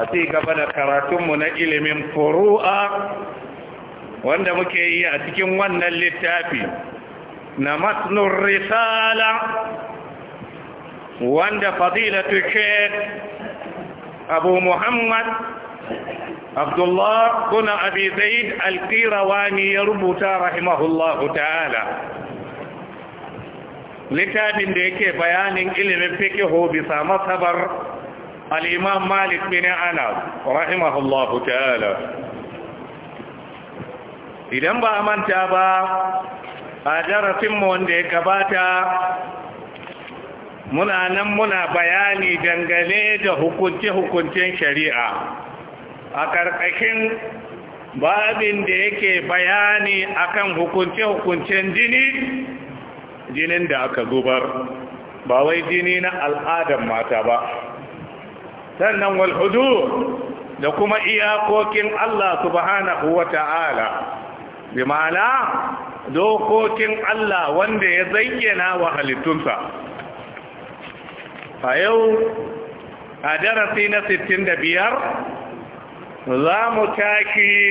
a ci gaba da karatunmu na ilimin furu'a wanda muke yi a cikin wannan littafi na matnun risala wanda fadilatu shek abu muhammad abdullah kuna abi zaid alkirawani ya rubuta rahimahullahu ta'ala littafin da yake bayanin ilimin fikihu bisa masabar al'imam malik bin anas rahimahullahu ta'ala idan ba a manta ba a mu wanda ya gabata muna nan muna bayani dangane da hukunce-hukuncen shari'a a ƙarƙashin babin da yake bayani akan hukunce-hukuncen jini jinin da aka zubar ba wai jini na al'adar mata ba sannan wal da kuma iyakokin Allah subhanahu wa ta'ala bi ma'ana dokokin Allah wanda ya zayyana wa halittunsa a yau a darasi na 65 za mu tashi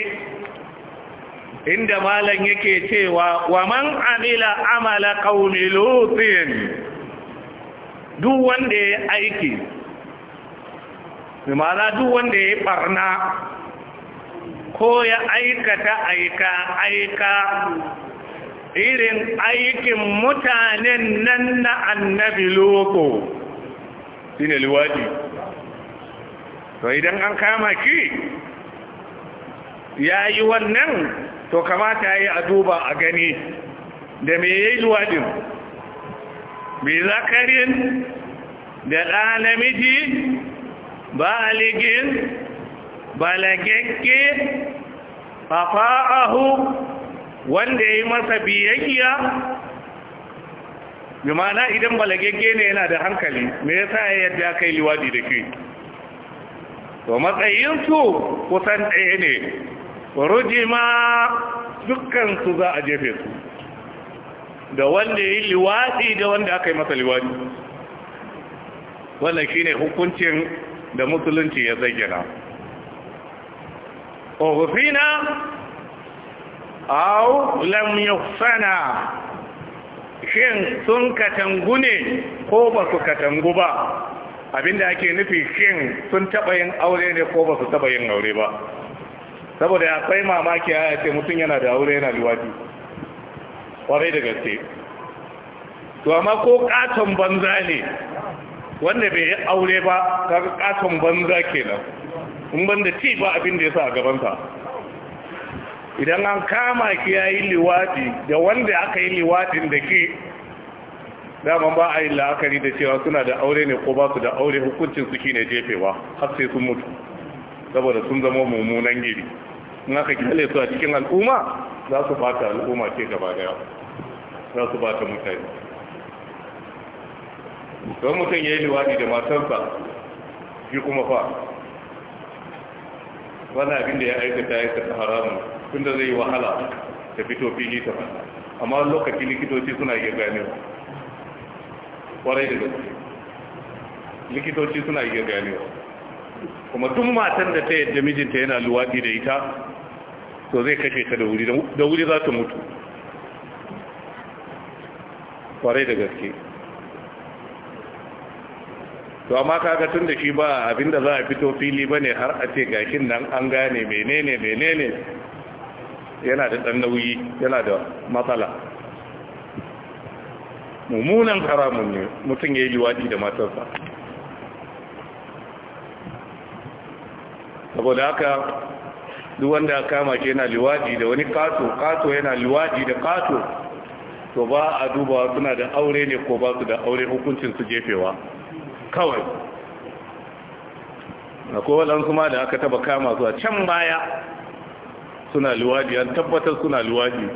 inda malam yake cewa wa man amila amala qaumi duk wanda ya aiki bi ma'ana duk wanda ya yi barna ko ya aikata aika aika irin aikin mutanen nan na annabi loko shi ne to idan an kama ki ya yi wannan to kamata ya yi a duba a gani da mai ya yi liwajin mai zakarin da ɗanamiji namiji baligin balagagge fafa'ahu wanda ya yi masa biyayya bi idan balagagge ne yana da hankali me yasa ya yadda kai liwadi da ke to matsayinsu kusan ɗaya ne rujima dukkansu za a jefe su da wanda ya yi liwadi da wanda aka yi masa liwadi wannan shine hukuncin da musulunci ya zayyana ofina au lam yufana, shin sun katangu ne ko ba su katangu ba abinda ake nufi shin sun taba yin aure ne ko ba su taba yin aure ba saboda akwai mamaki ya ce mutum yana da aure yana liwati kwarai da gaske to amma ko katon banza ne wanda bai yi aure ba kaga katon banza kenan in banda ci ba abin da ya sa a gabansa idan an kama ki ya yi liwadi da wanda aka yi liwadin da ke daman ba a yi la'akari da cewa suna da aure ne ko ba su da aure hukuncin su ne jefewa har sai sun mutu saboda sun zama mummunan gidi in aka kyale su a cikin al'umma za su bata al'umma ce gaba daya za su bata mutane don mutum ya yi liwadi da matansa, shi kuma fa wani abin da ya aikata ya aikata haramun tun da zai wahala ta fito fili ta fata amma lokaci likitoci suna iya wa. kwarai da gaske likitoci suna iya wa. kuma tun matan da ta yadda mijinta yana luwaɗi da ita to zai kashe ta da wuri za ta mutu kwarai da gaske to amma kaga tun da shi ba abinda za a fito fili ba ne har a ce gashin nan an gane menene menene yana da ɗan nauyi yana da matsala mummunan haramun ne mutum ya yi liwaɗi da matarsa saboda haka duk wanda ya kama shi yana liwaɗi da wani kato kato yana liwaɗi da kato to ba a duba suna da aure ne ko ba su da aure hukuncin su jefewa kawai na kowalansu kuma da aka taba kama zuwa can baya suna luwaɗi. an tabbatar suna luwadi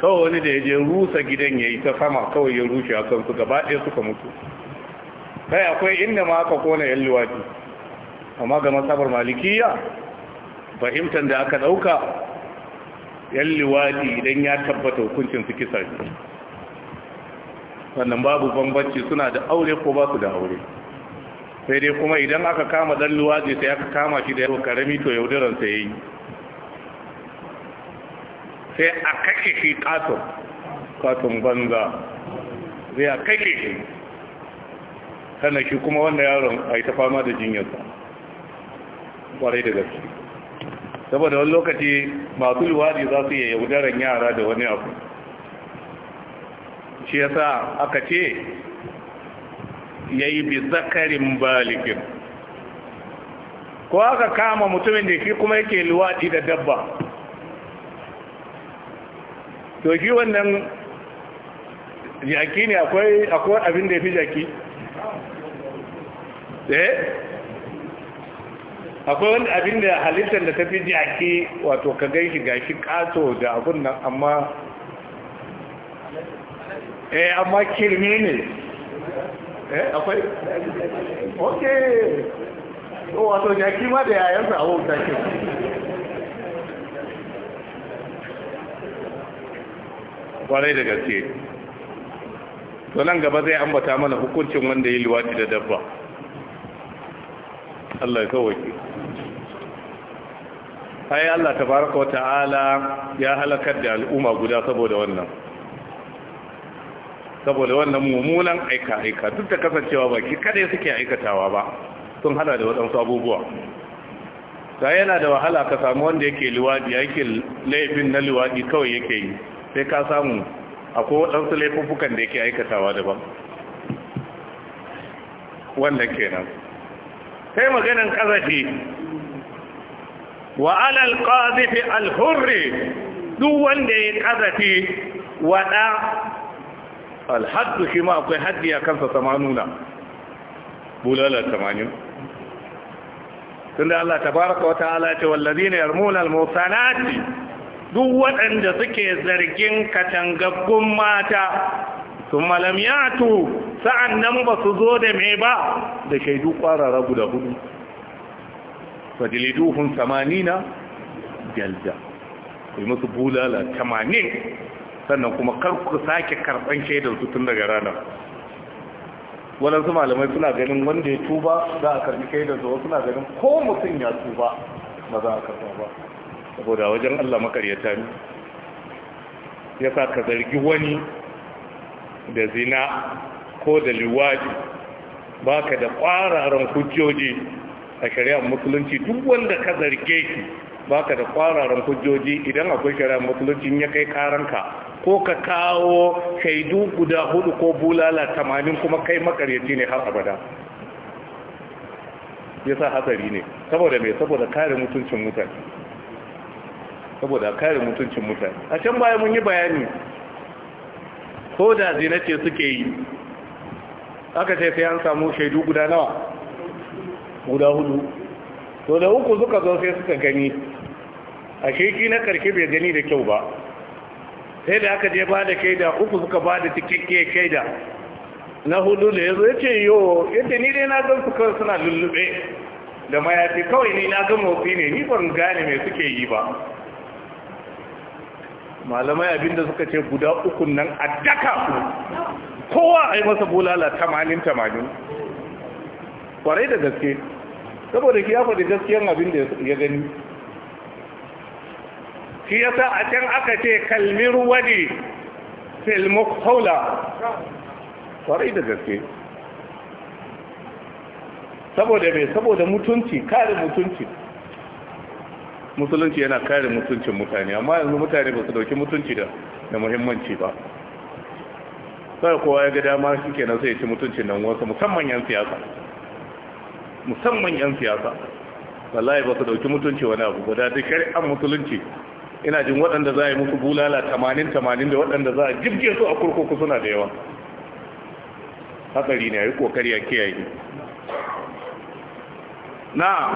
kawai wani da ya je rusa gidan ya yi ta sama kawai ya rushe a kansu gaba ɗaya suka mutu kai akwai inda ma aka kona yan luwaɗi. amma ga masabar malikiya fahimtar da aka ɗauka yan luwadi idan ya tabbata hukuncin su kisa ne wannan babu bambanci suna da aure ko ba su da aure sai dai kuma idan aka kama dan luwaje sai aka kama shi da yau karami to yaudaran sai yayi sai a kashe shi katon katon banza sai a kashe shi sannan shi kuma wanda yaron a yi ta fama da jinyarsa kwarai da gaske saboda wani lokaci masu luwaji za su iya yaudaran yara da wani abu shi yasa aka ce yayi bi zakarin balikin ko aka kama mutumin da shi kuma yake luwaɗi da dabba to shi wannan jaki ne akwai abin da ya fi jaki eh akwai wani abin da halittar da ta fi jaki wato ka gaishi shi gashi kato da abun nan amma eh amma kirme ne eh akwai Okay, o wato ya ma da sa a wauta ke kwarai da gaske to nan gaba zai ambata mana hukuncin wanda ya liwati da dabba Allah ya kawai ai Allah tabaraka wa ta'ala ya halakar da al'umma guda saboda wannan saboda wannan mummunan aika-aika duk da kasancewa baki kadai suke aikatawa ba sun hada da waɗansu abubuwa ta yana da wahala ka samu wanda yake liwadi yake laifin na liwadi kawai yake yi sai ka samu akwai waɗansu laifuffukan da yake aikatawa daban wannan kenan sai maganin ƙazafi wa alal ƙazafi alhurri duk wanda ya ƙazafi waɗa alhaddu shi ma akwai haddi a kansa samanuna bulala tamanin. tunda Allah ta tabaraka wa ta'ala ce wallazina yarmuna almusanati duk waɗanda suke zargin katangaggun mata sun malam yatu sa'an nan ba su zo da mai ba da shaidu kwarara guda hudu fajiliduhun samanina jalda kai musu bulala tamanin sannan kuma kar ku sake karban shaidar su tun daga ranar waɗansu malamai suna ganin wanda ya tuba za a karbi da zuwa suna ganin ko mutum ya tuba ba za a karba ba saboda wajen Allah makaryata ne ya sa ka zargi wani da zina ko da liwaji ba ka da ƙwararren hujjoji a shari'ar musulunci duk wanda ka zarge shi ba ka da ƙwararren hujjoji idan akwai shari'ar musulunci ya kai karanka ko ka kawo shaidu guda hudu ko bulala tamanin kuma kai makaryaci ne har abada ya sa hatsari ne saboda mai saboda kare mutuncin mutane saboda kare mutuncin mutane a can baya mun yi bayani ko da zina ce suke yi aka ce sai an samu shaidu guda nawa guda hudu to da uku suka zo sai suka gani a sheki na karshe bai gani da kyau ba sai da aka je ba da kaida uku suka ba da cikakke kaida na hudu da ya zo ya ce yo yadda ni dai na gan su kawai suna lullube da mayafi kawai ni na gan motsi ne ni ban gane mai suke yi ba malamai abinda suka ce guda uku nan a daka kowa a yi masa bulala tamanin tamanin kwarai da gaske saboda ki ya faɗi gaskiyan abin da ya gani shi sa a can aka ce kalmir wadi filmuk haula kwarai da gaske saboda mai saboda mutunci kare mutunci musulunci yana kare mutuncin mutane amma yanzu mutane ba su dauki mutunci da muhimmanci ba sai kowa ya ga dama shi kenan sai ya ci mutuncin nan wasu musamman yan siyasa musamman yan siyasa wallahi ba su dauki mutunci wani abu guda da shari'ar musulunci ina jin waɗanda za a yi musu bulala tamanin tamanin da waɗanda za a jibge su a kurkuku suna da yawa hatsari ne a yi ƙoƙari a kiyaye na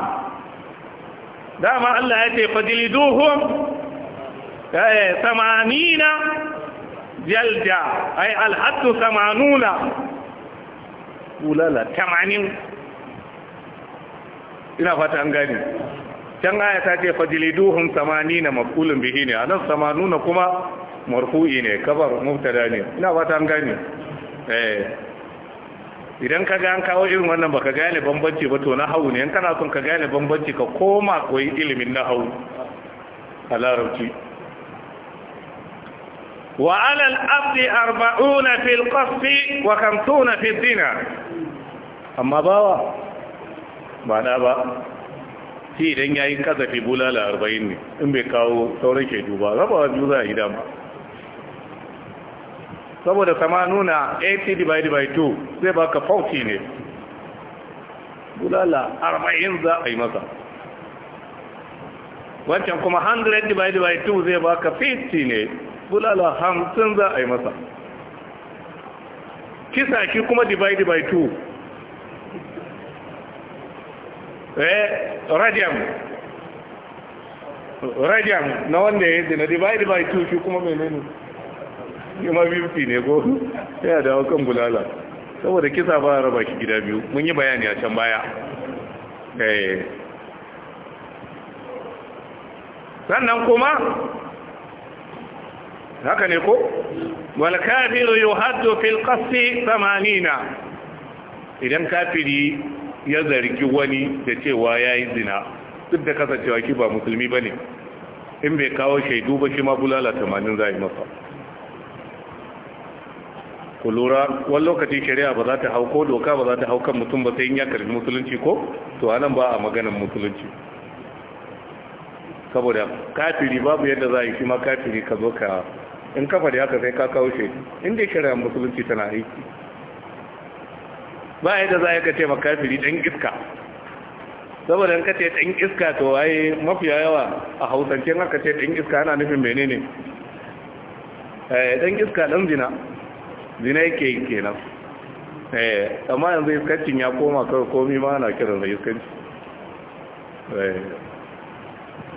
dama Allah ya ce fadiliduhum eh samanina jalda ai alhaddu samanuna bulala tamanin ina fata an gani can aya ta ce fajiliduhum samanina maqulun bihi ne anan samanuna kuma marfu'i ne kabar mubtada ne ina ba ta gane eh idan ka ga an kawo irin wannan baka gane bambanci ba to na hawu ne in kana son ka gane bambanci ka koma koyi ilimin na hawu a larabci wa alal abdi arba'una fil qasbi wa kamtuna fil dinar amma bawa ba na ba shi idan ya yi kazafi bulala arba'in ne in bai kawo sauran ke duba raba wa juza a idan saboda sama nuna 80 divided by 2 zai baka 40 ne bulala arba'in za a yi masa wancan kuma 100 divided by 2 zai baka 50 ne bulala hamsin za a yi masa kisa shi kuma divided by 2 rajam eh, rajam na wanda ya na divide by 2 shi kuma menene kuma bimfi ne ko ya dawo kan bulala saboda kisa ba raba shi gida biyu mun yi bayani a can baya eh. sannan kuma haka ne ko walkafiru yuhaddu fil qasfi 80 idan kafiri ya zargi wani da cewa ya yi zina duk da kasancewa ki ba musulmi ba ne in bai kawo shaidu ba shi ma bulala tamanin za a yi masa ku lura wani lokacin shari'a ba za ta hau ko doka ba za ta hau kan mutum ba sai in ya karbi musulunci ko to anan ba a maganan musulunci saboda kafiri babu yadda za a yi shi ma kafiri ka zo ka in kafa da haka sai ka kawo shaidu in dai shari'a musulunci tana aiki ba da za a kace ce makafiri ɗan iska saboda in ka ce ɗan iska to waye mafiya yawa a hausance in aka ce ɗan iska ana nufin menene eh, ɗan iska ɗan zina zina yake yi kenan eh, amma yanzu iskancin ya koma kawai komi ma ana kiran da iskanci eh,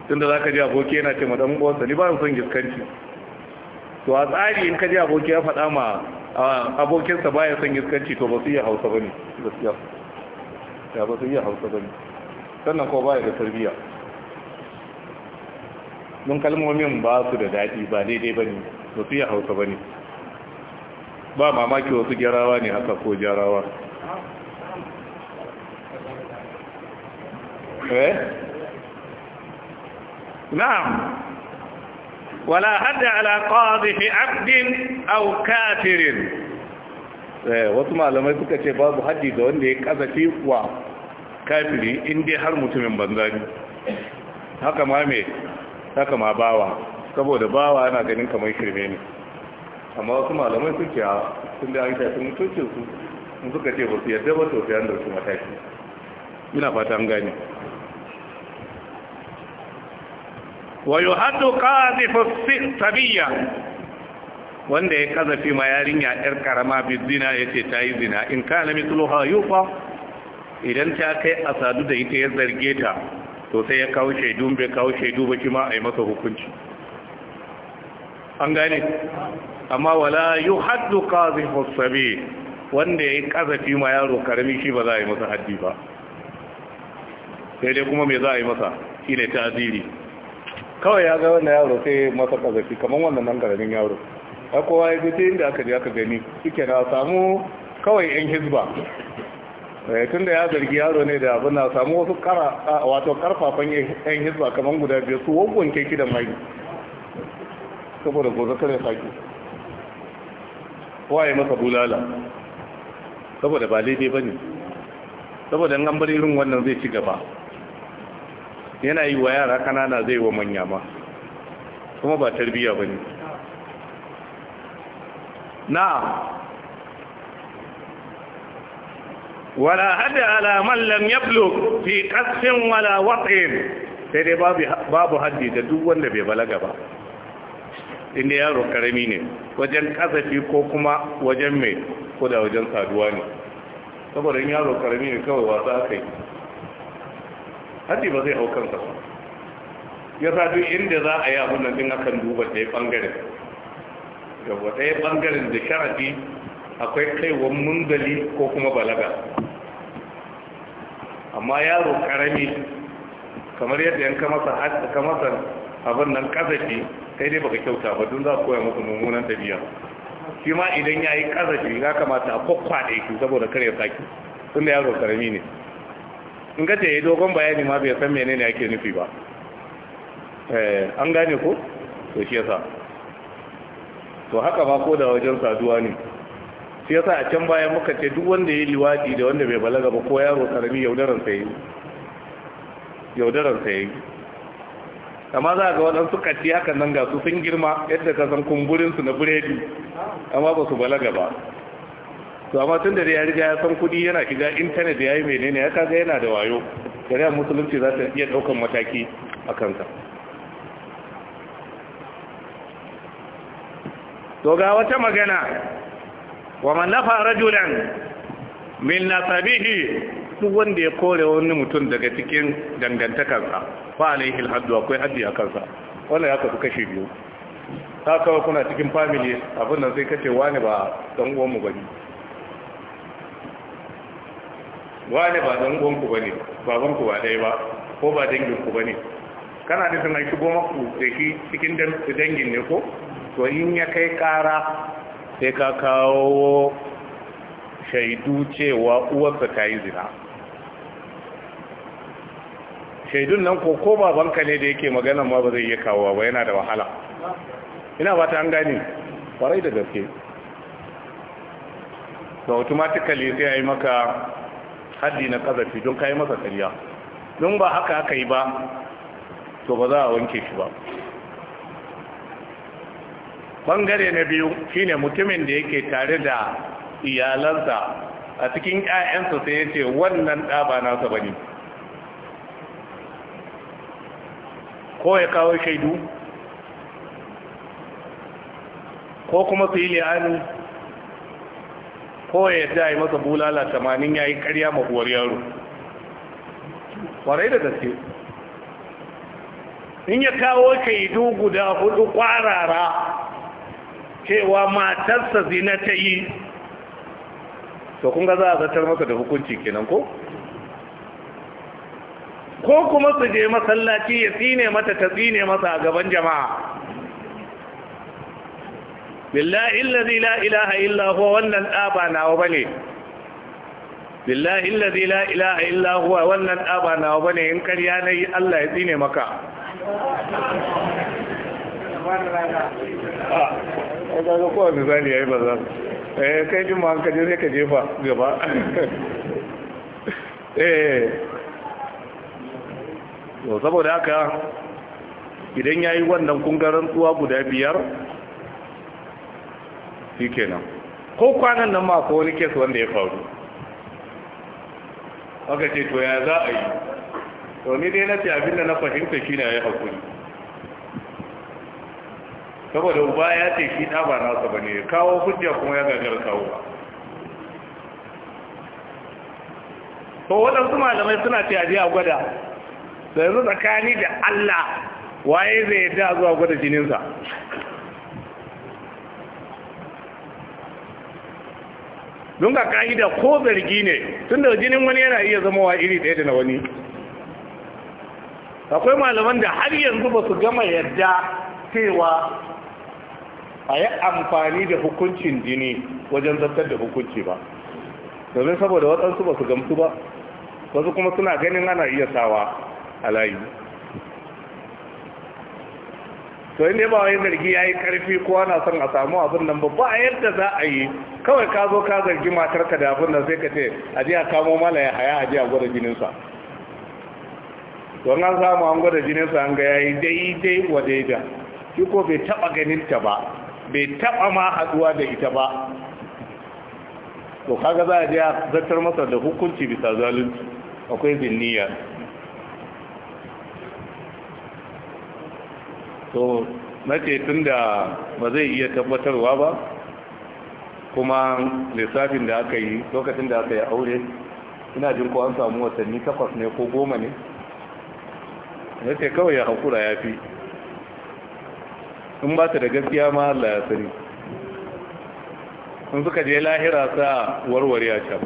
tunda za ka ji aboki yana ce ma ɗan ni ba son iskanci to a tsari in ka ji aboki ya faɗa ma abokinsa baya son iskanci to ba su iya hausa bane gaskiya ya ba su iya hausa bane sannan ko baya da tarbiyya don kalmomin ba su da daɗi ba daidai bane ba su iya hausa bane ba mamaki wasu gyarawa ne haka ko gyarawa eh na'am wala hadda ala qadhi عبد او كافر eh wasu malamai suka ce babu haddi da wanda ya fi wa kafiri in dai har mutumin banza ne haka ma me haka ma bawa saboda bawa yana ganin kamar shirme ne amma wasu malamai suke a sun da an sun mutuncin su suka ce ba su yadda ba to sai an dauki mataki ina fata an gane wa قاذف الصبية wanda ya kazafi ma yarinya yar karama bizina yace ta yi zina in ka na mithluha yufa idan ta kai a sadu da ita ya zarge ta to sai ya kawo shaidu bai kawo shaidu ba ma a yi masa hukunci an gane amma wala yuhaddu qadhifu sabi wanda ya yi kazafi ma yaro karami shi ba za a yi masa haddi ba sai dai kuma me za a yi masa shine taziri kawai ya ga wannan yaro sai masa kazafi kamar wannan nan garamin yaro ya kowa ya ce inda aka je aka gani shike na samu kawai yan hizba eh, tun da ya zargi yaro ne da abin na samu wasu kara wato karfafan yan hizba kamar guda biyu su wagwanke ki da mai saboda gozo kare saki waye masa bulala saboda ba daidai ba ne saboda an bar irin wannan zai ci gaba yana yi wa yara kanana zai wa manya ma kuma ba tarbiyya ba ne Na wala hada ala man lam fi qasfin wala waqin sai dai babu babu haddi da duk wanda bai balaga ba inda yaro karami ne wajen kasafi ko kuma wajen mai ko da wajen saduwa ne saboda yaro karami ne kawai wasa aka yi Hadi ba zai hau kansa ba ya sa duk inda za a yi abin nan din akan duba ɗaya ɓangaren yawa ɗaya ɓangaren da sharaɗi akwai kaiwan mungali ko kuma balaga amma yaro ƙarami kamar yadda yan ka masa abin nan kazafi kai dai baka kyauta ba dun za a koya masa mummunan tafiya shi ma idan ya yi ƙazafi ya kamata a kwakwaɗe shi saboda kar ya saki tun da yaro ƙarami ne in ka ce dogon bayani ma bai san menene ake nufi ba eh, an gane ko to shi yasa to haka ba ko da wajen saduwa ne shi yasa a can bayan muka ce duk wanda ya yi liwadi da wanda bai balaga ba ko yaro karami yaudaran sa yaudaran sai amma za a ga waɗansu katti hakan nan ga su sun girma yadda ka san kumburin su na buredi amma ba su balaga ba to amma tun da ya riga ya san kuɗi yana shiga intanet ya yi menene ya kaga yana da wayo shari'ar musulunci za ta iya ɗaukan mataki a kanka to ga wata magana wa man nafa rajulan min nasabihi duk wanda ya kore wani mutum daga cikin dangantakarsa fa alaihi alhaddu akwai haddi a kansa wanda ya kasu kashe biyu ta kawai kuna cikin famili abin nan sai kace wani ba dan uwan mu bane wani ba dan gonku ba ne babanku ba ɗaya ba ko ba danginku ba ne kana da suna goma ku da shi cikin dangin ne ko to in ya kai ƙara sai ka kawo shaidu cewa uwarsa ta yi zina shaidun nan ko ko babanka ne da yake magana ma ba zai iya kawo ba yana da wahala ina ba ta an gani kwarai da gaske so automatically sai a yi maka haddi na kazafi don kayi masa karya don ba haka aka yi ba to ba za a wanke shi ba bangare na biyu shine mutumin da yake tare da iyalansa a cikin 'ya'yansa sai ya ce wannan ɗa ba nasa ba ne ko ya kawo shaidu ko kuma su yi ko ya yadda masa bulala tamanin ya yi karya mabuwar yaro kwarai da gaske in ya kawo ka shaidu guda hudu kwarara cewa matarsa zina ta yi to kun za a zartar masa da hukunci kenan ko ko kuma su je masallaci ya tsine mata ta tsine masa a gaban jama'a billahi allazi la ilaha illa huwa wannan daba ba nawa bane billahi allazi la ilaha illa huwa wannan daba ba nawa bane in karya nayi Allah ya tsine maka a ah, ga kowa misali yayi bazan eh kai jin ma ka je sai ka jefa gaba eh to saboda haka idan yayi wannan kungaran tsuwa guda biyar shi kenan ko kwanan nan ma ko wani kes wanda ya faru aka ce to ya za a yi to ni dai na ce abin da na fahimta shi ne ya haƙuri. saboda uba ya ce shi ɗa ba nasa ba ne kawo hujja kuma ya gagar kawo ba to waɗansu malamai suna ce aje a gwada da yanzu tsakani da Allah waye zai yadda zuwa gwada jininsa don ga ka'ida ko zargi ne tun da jinin wani yana iya zama wa iri ɗaya da na wani akwai malaman da har yanzu ba su gama yadda cewa a yi amfani da hukuncin jini wajen zartar da hukunci ba domin saboda waɗansu ba su gamsu ba wasu kuma suna ganin ana iya sawa a layi to ne ba wani zargi ya yi karfi ko ana son a samu abin nan ba ba yadda za a yi kawai ka zo ka zargi matarka da abin nan sai ka ce a ji a kamo mala ya haya a ji a gwada jininsa don an samu an gwada sa an ga ya yi daidai wa daida shi ko bai taɓa ta ba bai taɓa ma haɗuwa da ita ba to kaga za a jiya zartar masa da hukunci bisa zalunci akwai zinniya to nace tun da ba zai iya tabbatarwa ba kuma lissafin da aka yi lokacin da aka yi aure ina jin ko an samu watanni takwas ne ko goma ne ya ce kawai ya haƙura ya fi in ba ta da gaskiya ma Allah ya sani sun suka je lahira sa warware a can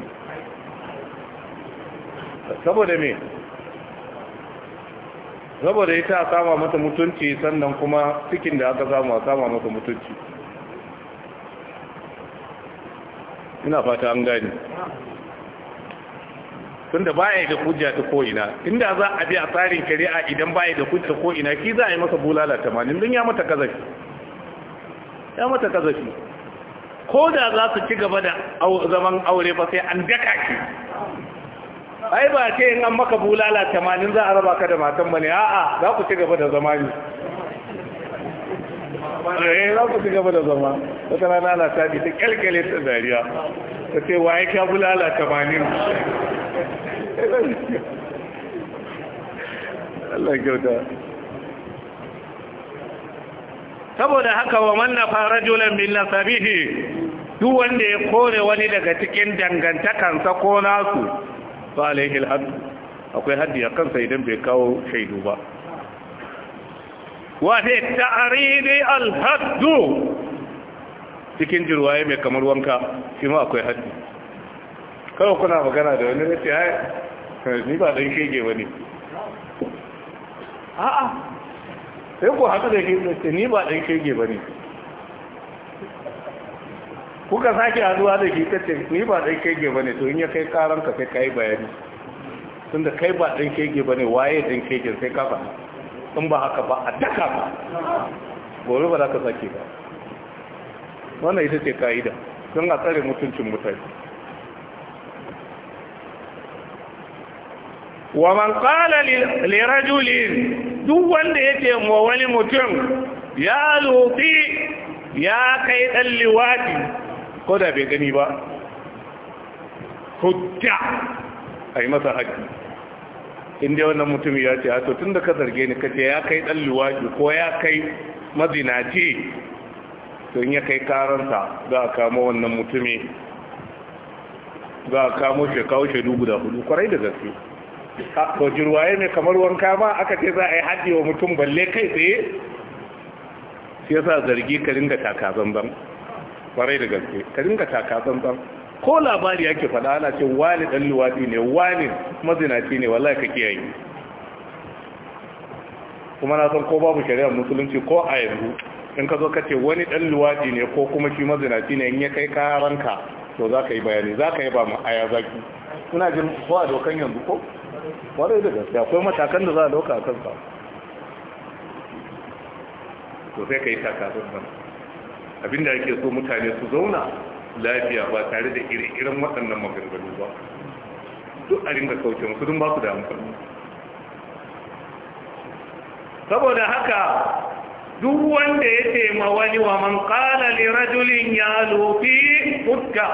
saboda me saboda ita a kama mata mutunci sannan kuma cikin da aka samu a sama mata mutunci ina fata an gani tunda baya da hujja ta ko'ina inda za a bi a tsarin shari'a idan baya da hujja ko'ina ki za a yi masa bulala tamanin don ya mata kazafi ya mata kazafi ko da za su ci gaba da zaman aure ba sai an daka ki ai ba ce in an maka bulala tamanin za a raba ka da matan bane a'a za ku ci gaba da zama ne eh za ku ci gaba da zama wata rana ana tafi ta kyalkyale ta dariya ta ce wa ya ka bulala tamanin Allah kyauta saboda haka wa na fara julan bin nasabihi duk wanda ya kore wani daga cikin dangantakansa ko nasu fa alaihi alhad akwai haddi a kansa idan bai kawo shaidu ba wa fi ta'ridi alhadd cikin jirwaye mai kamar wanka shi ma akwai haddi kawai kuna magana da wani race ai ni ba dan shege bane a'a sai ku haka da shi ni ba dan shege bane kuka sake haduwa da shi kace ni ba dan kege bane to in ya kai karan ka sai kai bayani tunda kai ba dan kege bane waye dan kege sai ka in ba haka ba a daka ba gobe ba za ka sake ba wannan ita ce ka'ida don a tsare mutuncin mutane wa man qala li rajulin duk wanda yake mu wani mutum ya lufi ya kai dan liwati ko da bai gani ba hujja a yi masa haƙi inda wannan mutum ya ce hato tun da ka zarge ni kace ya kai ɗan luwaki ko ya kai mazinaci tun ya kai karanta za a kama wannan mutumi za a kamo shekau shaidu guda hudu kwarai da gaske ko jirwaye mai kamar wanka ma aka ce za a yi haɗi wa mutum balle kai tsaye sai yasa zargi ka ringa taka ban kwarai da gaske ka dinga taka tsantsan ko labari yake faɗa ana ce wani ɗan luwaɗi ne wani mazinaci ne wallahi ka kiyaye kuma na san ko babu shari'ar musulunci ko a yanzu in ka zo ka ce wani ɗan luwaɗi ne ko kuma shi mazinaci ne in ya kai karanka to za ka yi bayani za ka yi ba mu aya zaki Ina jin ko a dokan yanzu ko kwarai da gaske akwai matakan da za a ɗauka a kansa to sai ka yi taka tsantsan abinda ake so mutane su zauna lafiya ba tare da ire-iren waɗannan maganganu ba duk a ringa sauke masu dun ba su da saboda haka duk wanda ya tema wani wa man kala li ya lufi hudka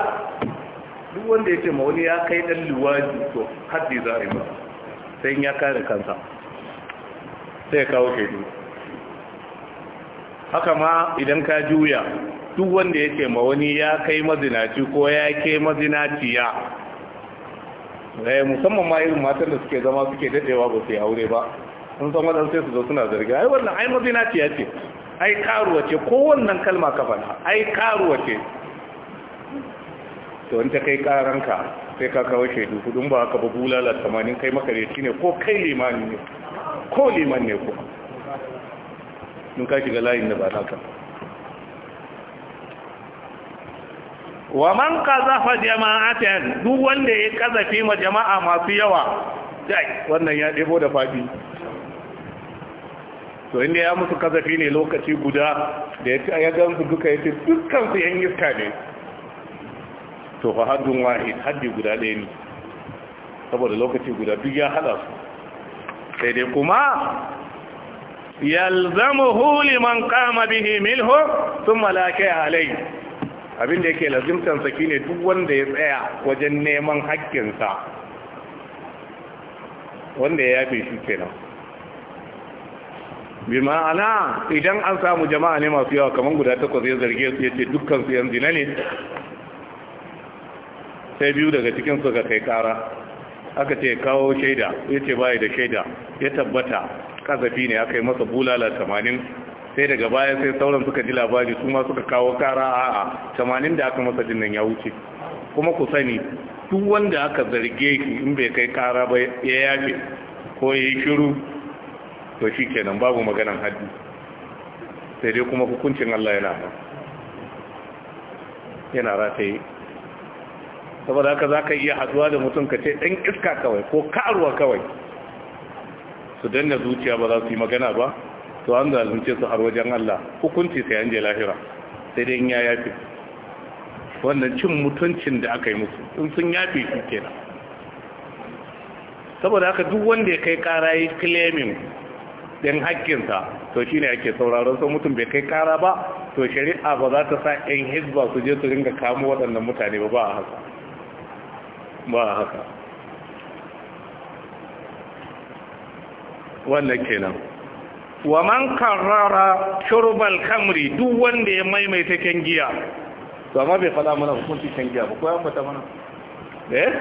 duk wanda ya tema wani ya kai dan luwaji to haddi za a yi sai ya kare kansa sai ya kawo shaidu haka ma idan ka juya duk wanda yake ma wani ya kai mazinaci ko ya ke mazinaciya eh, musamman ma irin matan da suke zama suke dadewa ba su yi aure ba sun san wadan sai su zo suna zarga ai wannan ai mazinaciya ce ai karuwa ce ko wannan kalma ka ai karuwa ce to in ta kai karanka sai ka kawo shaidu kudin ba ka ba bulala tamanin kai makareci ne ko kai limani ne ko liman ne ko in ka shiga layin da ba naka wa man qazafa jama'atan duk wanda ya kazafi ma jama'a masu yawa dai wannan ya debo da fadi to inda ya musu kazafi ne lokaci guda da ya ga su duka yace dukkan su yan iska ne to fa haddun wahid haddi guda ɗaya ne saboda lokaci guda duk ya hada su sai dai kuma yalzamuhu liman qama bihi milhu thumma la kaya alayhi abin da yake lazimtan sa kine duk wanda ya tsaya wajen neman haƙƙinsa wanda ya yafe shi kenan bi ma'ana idan an samu jama'a ne masu yawa kaman guda takwas ya zarge su yace dukkan su yanzu ne sai biyu daga cikin su ga kai kara aka ce kawo shaida yace bai da shaida ya tabbata kazafi ne aka yi masa bulala tamanin sai daga baya sai sauran suka ji labari su ma suka kawo kara a tamanin da aka masa dinnan ya wuce kuma ku sani duk wanda aka zarge shi in bai kai kara ba ya yafe ko ya yi shiru to shi kenan babu maganan haddi sai dai kuma hukuncin Allah yana nan yana rataye saboda haka za ka iya haduwa da mutum ka ce ɗan iska kawai ko karuwa kawai su danna zuciya ba za su yi magana ba to an zalunce su har wajen Allah hukunci sai an je lahira sai dai in ya yafi wannan cin mutuncin da aka yi musu in sun yafi shi kenan saboda haka duk wanda ya kai kara yi claiming din haƙƙinsa to shine ake sauraron sun mutum bai kai kara ba to shari'a ba za ta sa 'yan hizba su je su ringa kamo waɗannan mutane ba ba a haka ba a haka wannan kenan wa man karrara shurbal khamri duk wanda ya maimaita kan giya to amma bai fada mana hukunci kan giya ba ko ya fata mana eh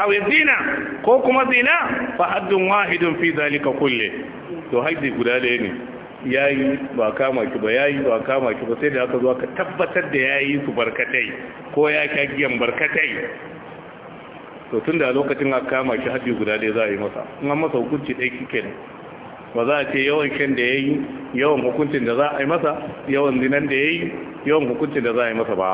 aw zina ko kuma zina fa haddun wahidun fi zalika kulli to haddi guda da ne yayi ba kama ki ba yayi ba kama ki ba sai da aka zo aka tabbatar da yayi su barkatai ko ya kagiyan barkatai to tun da lokacin aka kama shi haɗi guda ɗaya za a yi masa in an masa hukunci ɗaya kike ne ba za a ce yawan kyan da ya yi yawan hukuncin da za a yi masa yawan zinan da ya yi yawan hukuncin da za a yi masa ba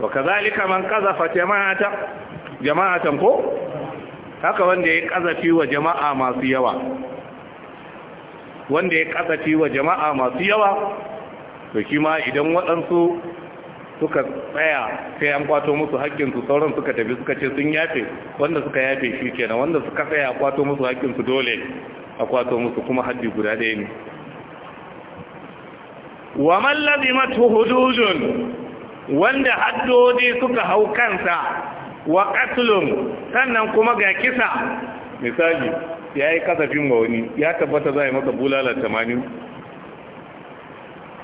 wa kazalika man qazafa jama'ata jama'atan ko haka wanda ya kazafi wa jama'a masu yawa wanda ya kazafi wa jama'a masu yawa to kima idan waɗansu suka tsaya sai an kwato musu haƙƙinsu sauran suka tafi suka ce sun yafe wanda suka yafe shi kenan wanda suka tsaya a kwato musu haƙƙinsu dole a kwato musu kuma haddi guda ɗaya ne wa mallabi matu hududun wanda haddodi suka hau kansa wa katlun sannan kuma ga kisa misali ya yi kasafin wa wani ya tabbata za a yi masa bulala tamanin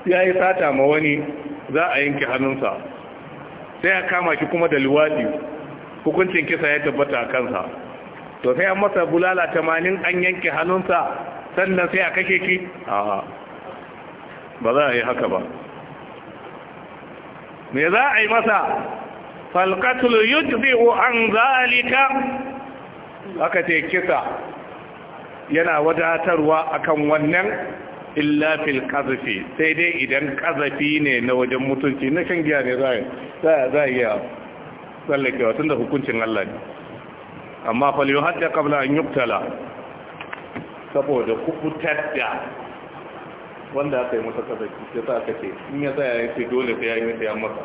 ya yi sata ma wani za a yanke hannunsa sai a kama shi kuma da luwaɗi hukuncin kisa ya tabbata a kansa to sai an masa bulala tamanin an yanke hannunsa sannan sai a kashe ki a ba za a yi haka ba me za a yi masa falkatul yujzi'u an zalika aka ce kisa yana wadatarwa akan wannan illa fil kazafi sai dai idan kazafi ne na wajen mutunci na shan giya ne za a iya tsallakewa tun da hukuncin Allah ne amma faliyo hadda kabla an yuktala saboda kubutar da wanda aka yi masa kazafi ya sa aka ce in ya tsaya ya ce dole sai ya yi masa ya masa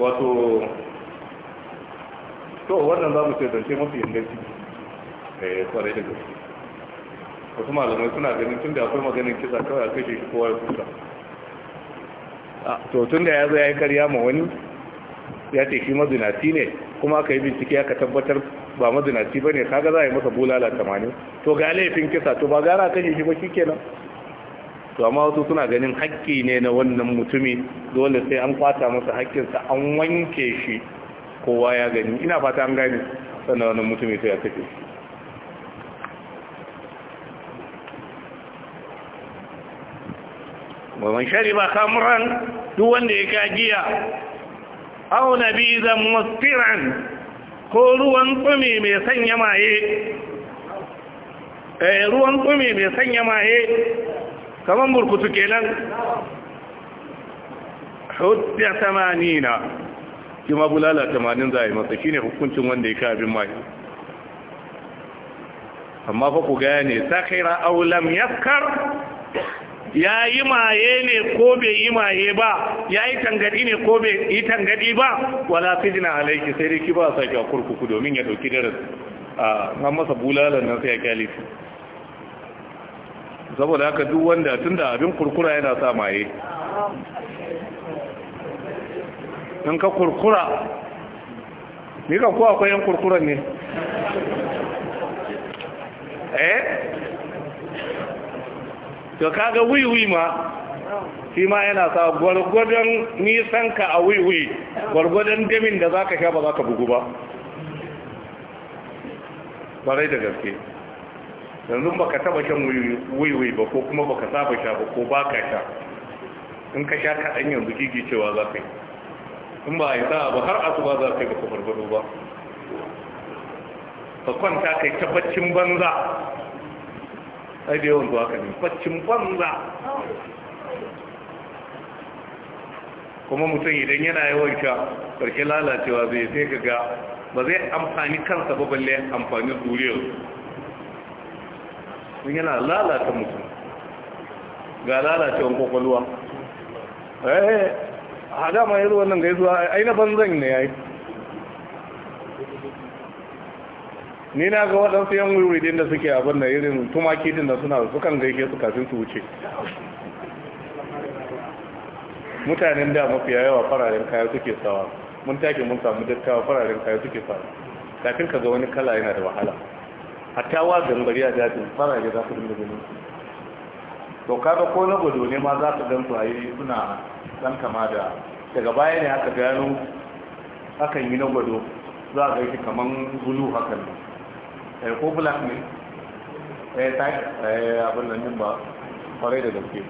wato to wannan za mu ce zance mafi inganci eh, kwarai da gaske wasu malamai suna ganin tun da akwai maganin kisa kawai a kashe shi kowa ya kusa to tun da ya zo ya yi karya ma wani ya ce shi mazinaci ne kuma aka yi bincike aka tabbatar ba mazinaci ba ne kaga za a yi masa bulala tamanin to ga laifin kisa to ba gara kashe shi ba shi kenan to amma wasu suna ganin haƙƙi ne na wannan mutumi dole sai an kwata masa haƙƙinsa an wanke shi kowa ya gani ina fata an gani sannan wannan mutumi sai ya kashe shi wa man shariba khamran duk wanda ya ka giya aw nabizan mustiran ko ruwan tsumi mai sanya maye eh ruwan tsumi mai sanya maye kaman burkutu kenan hudda 80 kima bulala 80 za a yi masa shi hukuncin wanda ya ka abin maye? amma fa ku gaya ne sakira lam yaskar ya yi maye ne ko bai yi maye ba ya yi tangadi ne ko bai yi tangadi ba wala sijina alaiki sai dai ki ba sa ki a kurkuku domin ya dauki darasi a nan masa bulalan nan sai ya kyalifi saboda haka duk wanda tunda abin kurkura yana sa maye in ka kurkura ni ka ko akwai yan kurkuran ne eh to kaga wiwi ma shi ma yana sa gwargwadon nisanka a wiwi gwargwadon damin da za ka sha ba za ka bugu ba barai da gaske yanzu ba ka taba shan wiwi ba ko kuma ba ka saba sha ba ko ba ka sha in ka sha kaɗan yanzu gigi cewa za ka yi in ba a yi sa'a ba har asuba za ka yi ba ka farfado ba ka kwanta kai ta baccin banza ai da yawan haka ne faccin banza kuma mutum idan yana yawan sha ƙarshe lalacewa zai sai ka ga ba zai amfani kansa ba balle amfani zuriyar sun yana lalata mutum ga lalacewan kwakwalwa eh, eh a dama yanzu wannan yi zuwa na banzan ne ya yi ni na ga waɗansu yan wuri da suke abin da irin tumaki din da suna sukan gaike su kafin su wuce mutanen da mafiya yawa fararen kaya suke sawa mun take mun samu dattawa fararen kaya suke sawa kafin ka ga wani kala yana da wahala hatta wa gari a dajin farare za su dinga ganin to kaga ko na gudu ne ma za ka gan su a yi suna dan kama da daga baya ne aka gano akan yi na gudu za a gaishe kaman gulu hakan Eh, ko black ne eh tag eh abin nan ba kwarai da gaske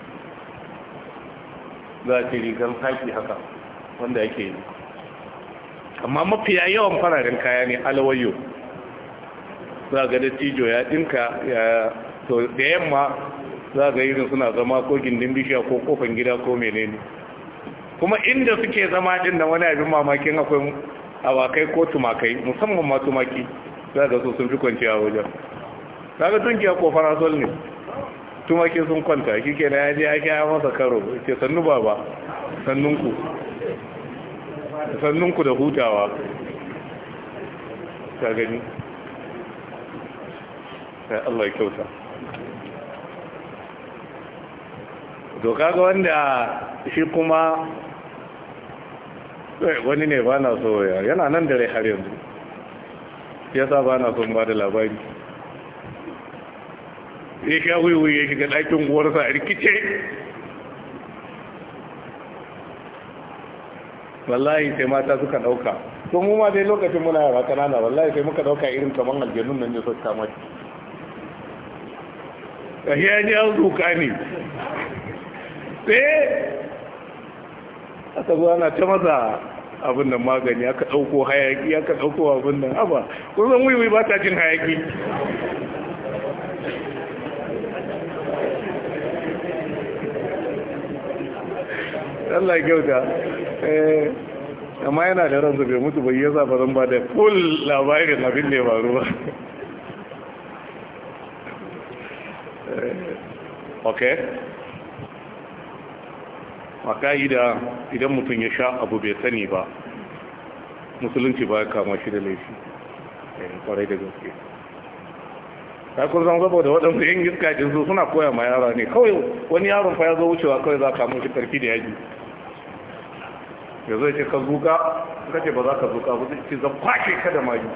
za ce rigar taki haka wanda yake yi amma mafiya yawan fararen kaya ne alawayo za ga da tijo ya dinka ya to da yamma za ga irin suna zama ko gindin bishiya ko kofan gida ko menene kuma inda suke zama din da wani abin mamakin akwai awakai ko tumakai musamman ma tumaki za ga su sun fi kwanciya wajen kaga tunkiya kofar asol ne tumaki sun kwanta kike na yaji ake ya masa karo ke sannu baba sannunku sannunku da hutawa ka gani sai Allah ya kyauta to kaga wanda shi kuma eh, wani ne ba na so yana nan da rai har yanzu ya yasa ba na son ba da labari ya sha wuyi ya shiga ɗakin guwarsa a rikice wallahi sai mata suka ɗauka to mu ma dai lokacin muna yara kanana wallahi sai muka ɗauka irin kaman aljanun nan ne su kama shi a shi ya ji an duka ne sai aka zo na ta maza abin da magani aka ɗauko hayaki aka ɗauko abin nan haba kusan wuyi ba ta jin hayaki Allah kyauta eh, amma yana da ran zube mutu bai yasa ba zan ba da full labarin abin da ya faru ba eh, okay a ka'ida idan mutum ya sha abu bai sani ba musulunci ba ya kama shi da laifi yayin eh, kwarai da gaske kun zan zaba da waɗansu yin giskajin su suna koya ma yara ne kawai wani yaron fa ya zo wucewa kawai za ka shi, karfi da yaji ya zai ce ka zuka ka ce ba za ka zuka ba ce zan kwashe ka da magi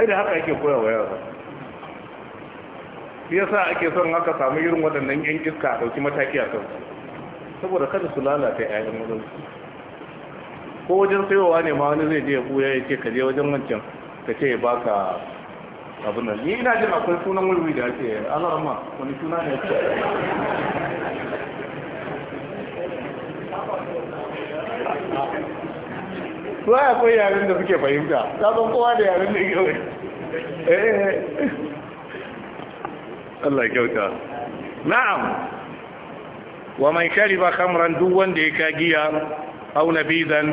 ai da haka ake koya wa yara shi yasa ake son haka samu irin waɗannan yan iska a ɗauki mataki a kansu saboda kada su lalata ƴaƴan wajen ko wajen sayowa ne ma wani zai je ya buya ya ce ka je wajen wancan ka ce ya baka abin nan ni ina jin akwai sunan wulwi da ake ma wani suna ne ya akwai yaren da suke fahimta, ta zan kowa da yaren da yau. Eh, eh, eh, Allah kyauta. Na'am. wa man shariba khamran duk wanda ya giya aw nabidan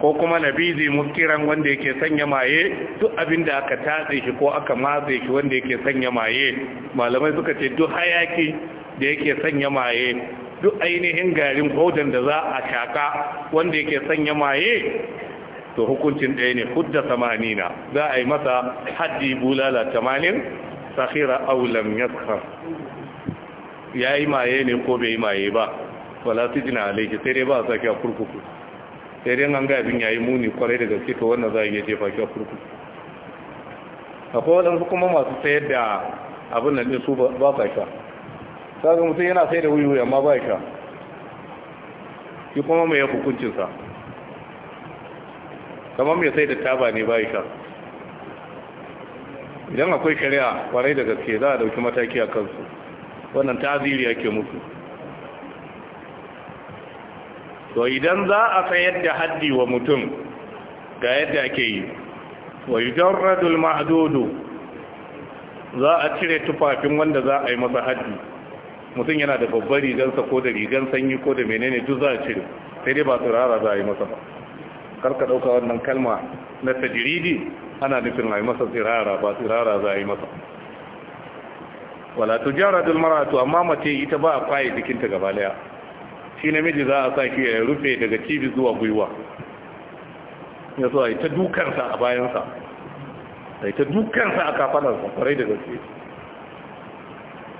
ko kuma nabizi mukiran wanda yake sanya maye duk abin da aka tatse shi ko aka matse shi wanda yake sanya maye malamai suka ce duk hayaki da yake sanya maye duk ainihin garin hodan da za a shaka wanda yake sanya maye to hukuncin ɗaya ne hudda samanina za a yi masa haddi bulala tamanin sahira aulam yaskar ya yi maye ne ko bai yi maye ba wala su jina alaiki sai dai ba a sake a kurkuku sai dai an gabin ya yi muni kwarai da gaske to wannan za a iya jefa shi a kurkuku akwai waɗansu kuma masu sayar da abin nan ɗin su ba sa sha kaga mutum yana sayar da wuyu amma ba sha shi kuma mai hukuncinsa kamar mai sai da taba ne ba sha idan akwai shari'a kwarai da gaske za a dauki mataki a kansu wannan taziri yake musu to idan za a tsayar da haddi wa mutum ga yadda ake yi wa yujarradul ma'dudu za a cire tufafin wanda za a yi masa haddi mutum yana da babbar rigansa ko da rigan sanyi ko da menene duk za a cire sai dai ba turara za a yi masa ba karka ɗauka wannan kalma na tajiridi ana nufin a yi masa tsirara ba tsirara za a yi masa wala mara maratu amma mace ita ba a kwaye jikinta gaba daya shi namiji za a saki ya rufe daga cibi zuwa gwiwa ya so dukansa a bayansa a dukansa a kafanarsa kwarai da gaske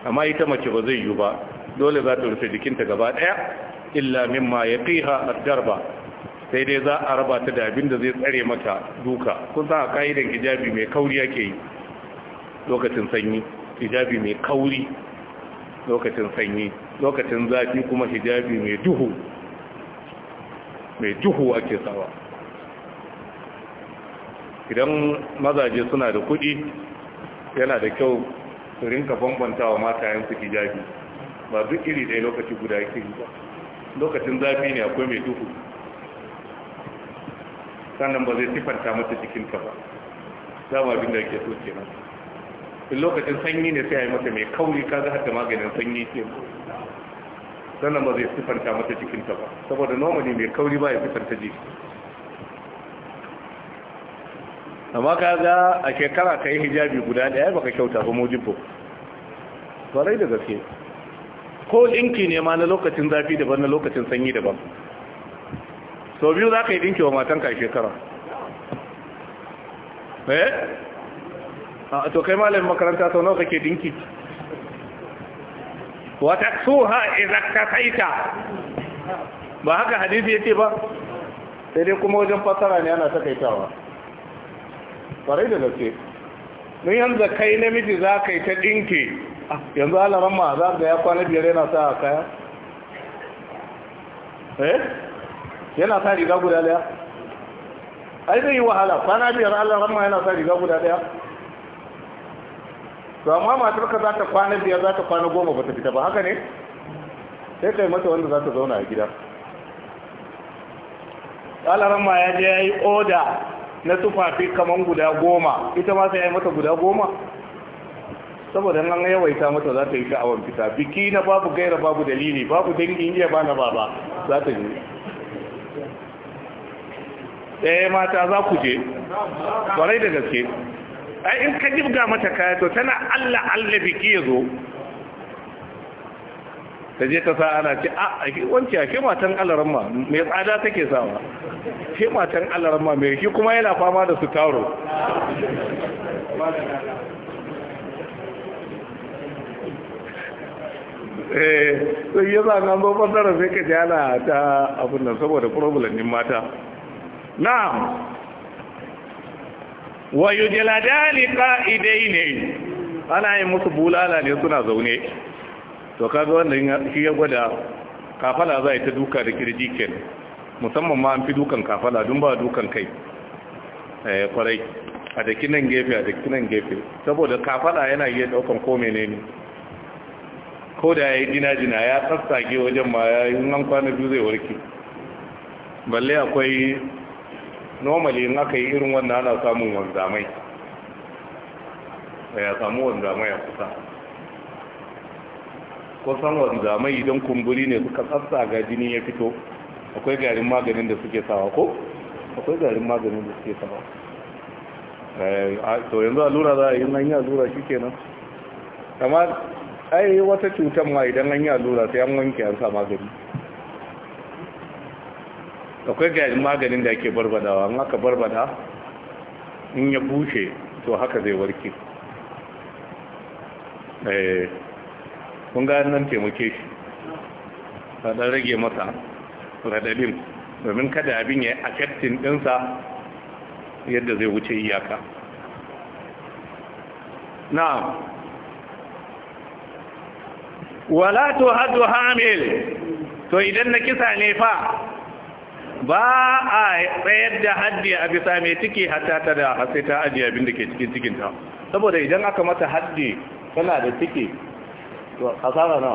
amma ita mace ba zai yi ba dole za ta rufe jikinta gaba daya illa mimma ya a jarba, sai dai za a raba ta da abin da zai tsare mata duka kun za a ka'idan hijabi mai kauri yake yi lokacin sanyi hijabi mai kauri lokacin sanyi lokacin zafi kuma hijabi mai duhu mai duhu ake sawa idan mazaje suna da kuɗi yana da kyau su rinka bambanta wa matayensu hijabi ba duk iri ɗaya lokaci guda yake yi ba lokacin zafi ne akwai mai duhu sannan ba zai siffanta mata jikinka ba dama abinda da ake so kenan in lokacin sanyi ne sai a yi mata mai kauri kaga za ta maganin sanyi ke sannan ba zai sifanta mata jikinta ba saboda nomani mai kauri ba ya sifanta jiki amma za a shekara ka yi hijabi guda ya baka kyauta ba ba kwarai da gaske ko dinki ne ma na lokacin zafi daban na lokacin sanyi daban sau biyu za ka yi dinki wa matanka a shekara eh a to kai malamin makaranta sau nawa kake dinki wa taksuha idza saita. ba haka hadisi ce ba sai dai kuma wajen fasara ne ana takaitawa farai da gaske mun yanzu kai namiji za ka yi ta dinki. Ah, yanzu alaran ma za ga ya kwana biyar yana sa a kaya eh yana sa riga guda daya ai zai yi wahala kwana biyar alaran ma yana sa riga guda daya to amma matar ka za ta kwana biyar za ta kwana goma ba ta fita ba haka ne sai kai mata wanda za ta zauna a gida tsalaran ma ya je ya yi oda na tufafi kamar guda goma ita ma sai ya yi mata guda goma saboda nan yawaita mata za ta yi sha'awar fita biki na babu gaira babu dalili babu dangin indiya ba na baba za ta yi ɗaya eh, mata za ku je ƙwarai da gaske ai in ka jibga mata kaya to tana Allah Allah biki ya zo ta je ta sa ana ce a ah, wanci a ke matan alarma mai tsada take sawa ke matan alarma mai shi kuma yana fama da su taro eh, sai ya zana zo fasara sai ka jana ta abin nan saboda problem mata na'am wa yujladani ne? ana yin musu bulala ne suna zaune to kaga wannan shi ya gwada kafala za ta duka da kirji musamman ma an fi dukan kafala don ba dukan kai eh, kwarai a da kinan gefe a da kinan gefe saboda kafala yana iya daukan ne ni. ko da yayi jina jina ya tsatsage wajen ma ya yi, nan kwana biyu zai warke balle akwai normally in aka yi irin wannan ana samun wanzamai a ya samu wanzamai a kusa kusan wanzamai idan kumburi ne suka tsatsa ga jini ya fito akwai garin maganin da suke sawa ko akwai garin maganin da suke sawa eh, to yanzu allura za a yi nan yi allura shi ke nan amma ai wata cutar ma idan an yi allura sai an wanke an sa magani akwai garin maganin da ake barbadawa amma ka barbada in ya bushe to haka zai warke eh, kun ga nan taimake shi a ɗan rage masa radadin domin kada abin ya affectin ɗinsa yadda zai wuce iyaka na wala to hadu hamil to idan na kisa ne fa ba a tsayar da haddi a bisa mai ciki hata ta da hasai ta ajiye abin da ke cikin cikinta saboda idan aka mata haddi tana da ciki to asara na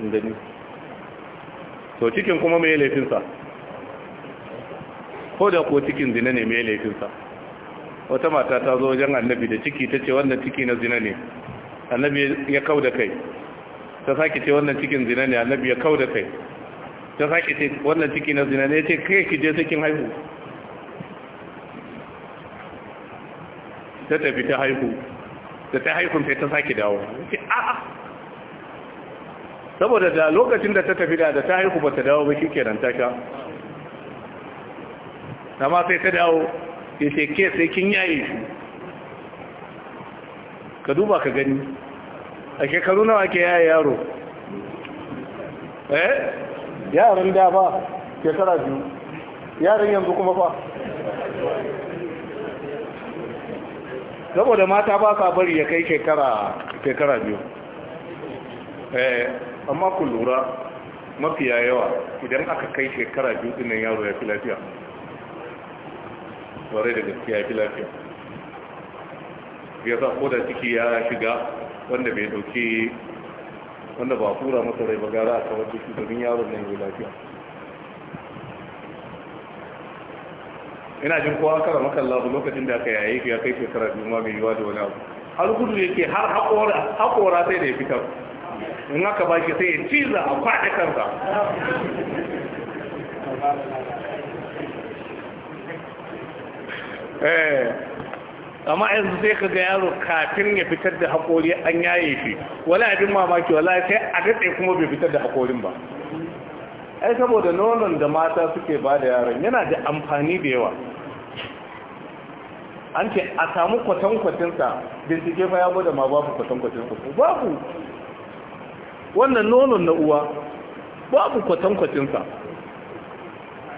ne to cikin kuma mai laifinsa ko da ko cikin zina ne mai laifinsa wata mata ta zo wajen annabi da ciki ta ce wannan ciki na zina ne annabi ya kau da kai ta sake ce wannan cikin zina ne annabi ya kau da kai ta sake ce wannan ciki na zina ne ce kai ki je sakin haihu ta tafi ta haihu da ta haihun sai ta sake dawo a'a saboda da lokacin da ta tafi da da ta haihu ba ta dawo ba shi kenan ta sha amma sai ta dawo ya ce ke sai kin yaye shi ka duba ka gani a shekaru nawa ke yaye yaro eh yaran da ba shekara biyu yaran yanzu kuma ba saboda mata ba sa bari ya kai shekara biyu eh, amma ku lura mafiya yawa idan aka kai shekara biyu dinnan yaro ya fi lafiya ware da gaskiya ya fi lafiya ya sa koda ciki ya shiga wanda bai dauki wanda ba tura masa rai ba gara a kawar da shi domin yaron nan ya lafiya ina jin kowa kara maka labu lokacin da aka yaye ya kai shekara biyu ma mai yiwa da wani abu har gudu yake har haƙora sai da ya fitar in aka ba shi sai ya ciza a kwaɗe kansa eh amma yanzu sai ka ga yaro kafin ya fitar da haƙori an yaye shi wala abin mamaki wala sai a daɗe kuma bai fitar da haƙorin ba ai saboda nonon da mata suke ba da yaron yana da amfani da yawa an ce a samu kwatankwacinsa bincike fa ya gwada ma babu kwatankwacinsa babu wannan nonon na uwa babu kwatankwacinsa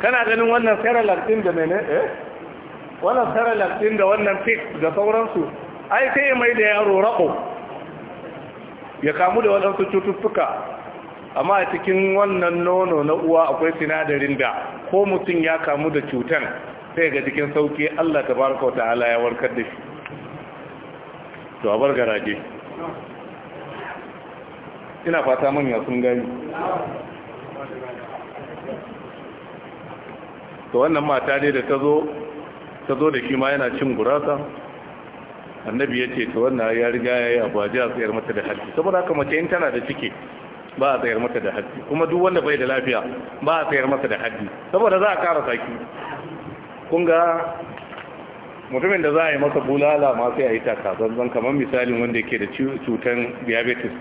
kana ganin wannan sarar ɗin da mene eh wannan saralak ɗin da wannan fit da sauransu ai sai ya mai da yaro rako ya kamu da waɗansu cututtuka amma a cikin wannan nono na uwa akwai sinadarin da ko mutum ya kamu da cutan sai ga cikin sauki Allah ta wa ta'ala ya warkar da shi to a bar garaje ina fata manya sun gani to wannan mata ne da ta zo ta zo da shi ma yana cin gurasa annabi ya ce ta wannan ya riga ya yi abaji a tsayar mata da hajji saboda haka mace in tana da ciki ba a tsayar mata da hajji kuma duk wanda bai da lafiya ba a tsayar mata da hajji saboda za a kara saki kun ga mutumin da za a yi masa bulala ma sai a yi taka-zanzan, kamar misalin wanda yake da cutar diabetes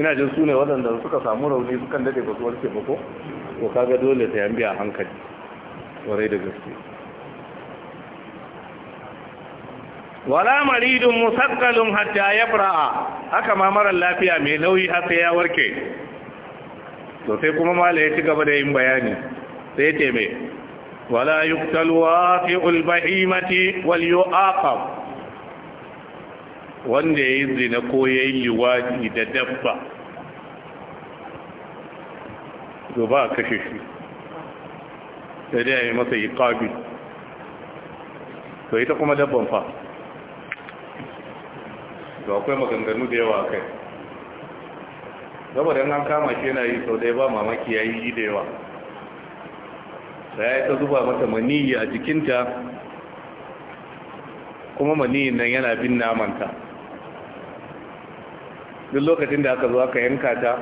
ina jin su ne waɗanda suka samu rauni sukan dade ba su warke ba ko ka kaga dole ta yan biya hankali kwarai da gaske wala maridun musakkalun hatta ya fura'a haka ma marar lafiya mai nauyi haka ya warke to sai kuma mala ya ci gaba da yin bayani sai ce mai wala yuktalwa fi ulbahimati wal yu'aqab wanda yayi zina ko yayi liwadi da dabba to ba kashe shi sai dai a yi masa iqabi to ita kuma dabban fa to akwai maganganu da yawa kai saboda an kama shi yana yi sau da ba mamaki ya yi da yawa sai ta zuba mata maniyi a jikinta kuma maniyin nan yana bin namanta duk lokacin da aka zo aka yanka ta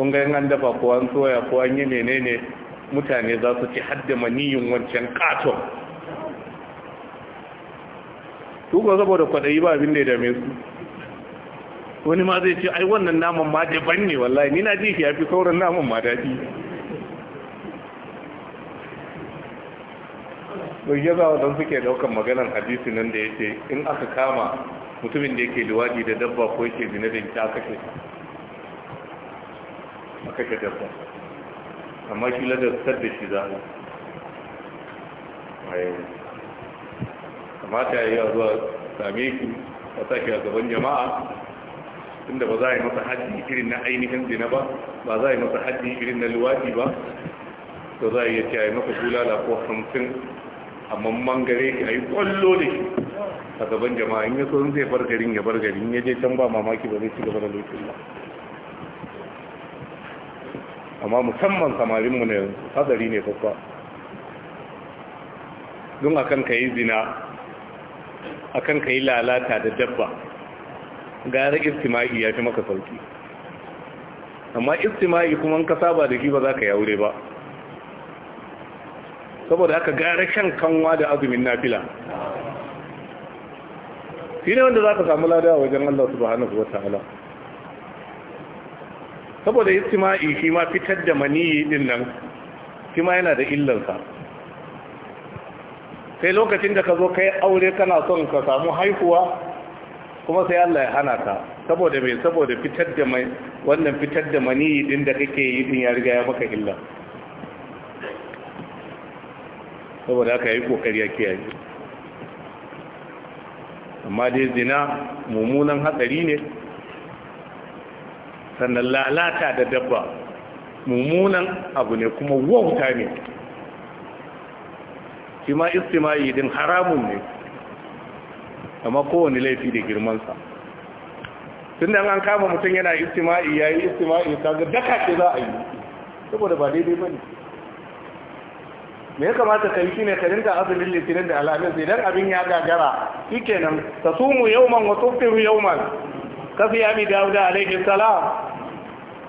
kun ga an dafa ko an soya ko an yi menene mutane za su ci hadda maniyin wancan katon tuko saboda kwaɗayi ba abin da ya dame su wani ma zai ce ai wannan naman ma daban ne wallahi ni na ji ya fi sauran naman ma daɗi bai yaza wadon suke daukan maganar hadisi nan da ya ce in aka kama mutumin da yake liwaɗi da dabba ko yake zina da kake aka dabba amma shi ladabtar da shi za a kamata ya yi a zuwa same shi a sake a gaban jama'a tunda ba za a yi masa haddi irin na ainihin zina ba ba za a yi masa haddi irin na luwaɗi ba ba za a yi yake a yi masa bulala ko hamsin amma gare shi a yi kwallo da shi a gaban jama'a in yaso so zai bar garin ya bar garin ya je can ba mamaki ba zai ci gaba da lokacin ba amma musamman samarinmu ne hadari ne fafa. don akan ka yi zina akan ka yi lalata da dabba gara istima'i ya fi maka sauki amma istima'i kuma ka saba da shi ba za ka yaure ba saboda aka gara shan kanwa da azumin nafila shi ne wanda za ka samu lada wajen Allah subhanahu wa ta'ala saboda tima'i shi ma fitar da maniyi din nan shi ma yana da illansa sai lokacin da ka zo kai aure kana son ka samu haihuwa kuma sai Allah ya hana ka saboda mai saboda fitar da mai wannan fitar da maniyi din da kake yi din ya riga ya maka illa saboda haka yi kokari ya kiyaye amma dai zina mummunan hatsari ne sannan lalata da dabba mummunan abu ne kuma wauta ne shi ma istima'i din haramun ne amma kowane laifi da girmansa tun da an kama mutum yana istima'i ya yi istima'i kaga daka ce za a yi saboda ba daidai ba ne me ya kamata ka yi shi ne ka rinka azumin litinin da sai idan abin ya gagara shi kenan ka sumu yauman wa man. Ka fi ya mi dawuda alaihi salam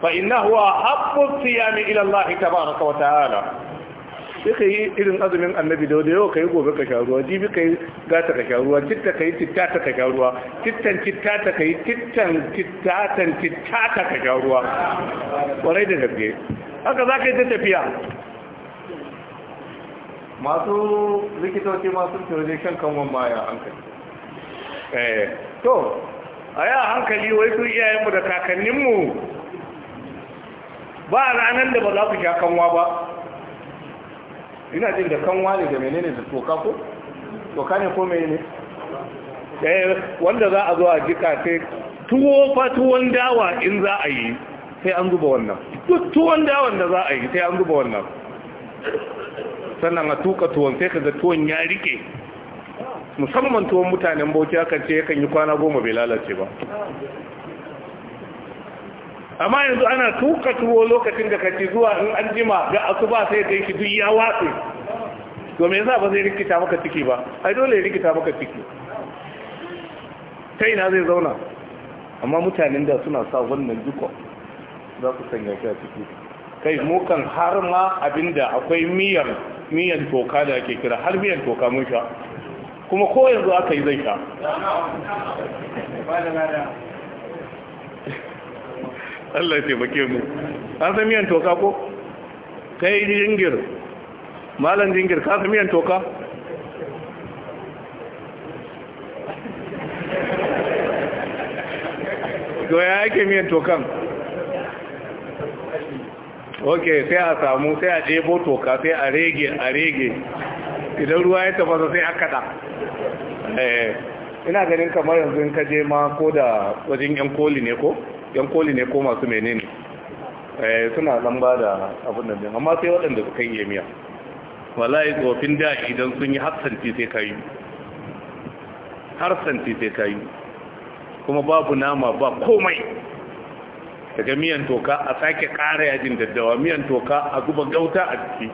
fa innahu ahabbu siyami ila Allah tabaraka wa ta'ala sai ka yi irin azumin annabi da wadda gobe ka sharuwa ka yi gata ka sharuwa ka yi citta ta ka sharuwa ka yi cittan cittatan citta ta kwarai da gaske haka za ka ta tafiya masu likitoci masu shan hankali to a hankali wai su iyayenmu da kakanninmu ba ranar da ba za ku sha kanwa ba ina jin da kanwa ne da menene da toka ko toka ne ko menene eh wanda za a zo a jika sai tuwo fa tuwon dawa in za a yi sai an zuba wannan duk tuwon dawan da za a yi sai an zuba wannan sannan a tuka tuwon sai ka ga tuwon ya rike musamman tuwon mutanen bauchi aka ce yakan yi kwana goma bai lalace ba amma yanzu ana tuka tuwo lokacin da kaci zuwa in an jima ga asuba sai kai shi duk ya watsi. to me yasa ba zai rikita maka ciki ba ai dole ya rikita maka ciki ta ina zai zauna amma mutanen da suna sa wannan duka za su sanya shi a ciki kai mukan har ma abinda akwai miyan miyan toka da ake kira har miyan toka mun sha kuma ko yanzu aka yi zai sha Allah ce bake mu an san miyan toka ko kai jingir malam jingir ka san miyan toka goya ya miyan tokan ok sai a samu sai a jebo toka sai a rege a rege idan ruwa ya tafasa sai a kada eh, ina ganin kamar yanzu in ka je ma ko da wajen yan koli ne ko yan koli ne ko masu menene eh, suna dan ba da abin da din amma sai waɗanda suka yi miya wallahi tsofin da idan sun yi harsanti sai kayi harsanti sai kayi kuma babu nama ba komai daga miyan toka a sake ƙara yajin daddawa miyan toka a zuba gauta a ciki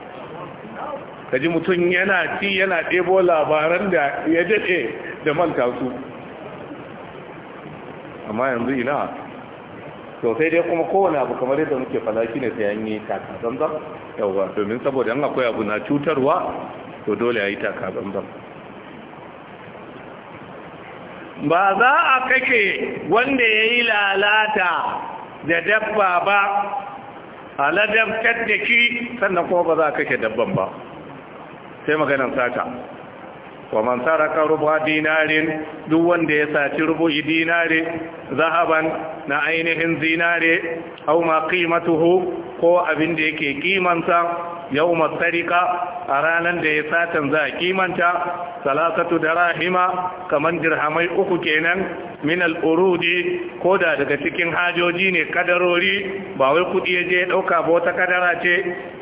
kaji mutum yana ci yana ɗebo labaran da ya daɗe da manta su amma yanzu ina to sai dai kuma kowane abu kamar yadda muke fada shi ne sai an yi taka zamzam yauwa domin saboda an akwai abu na cutarwa to dole ya yi taka zamzam ba za a kake wanda ya yi lalata da dabba ba a ladabtar da shi sannan kuma ba za a kake dabban ba sai maganin sata wa man saraka rubu'a dinarin duk wanda ya saci rubu'i dinare zahaban na ainihin zinare aw ma qimatuhu ko abin da yake kimansa yau matsarika a ranar da ya satan za a kimanta salasatu da rahima kamar dirhamai uku kenan min al'urudi ko da daga cikin hajoji ne kadarori ba wai kudi ya je ɗauka ba wata kadara ce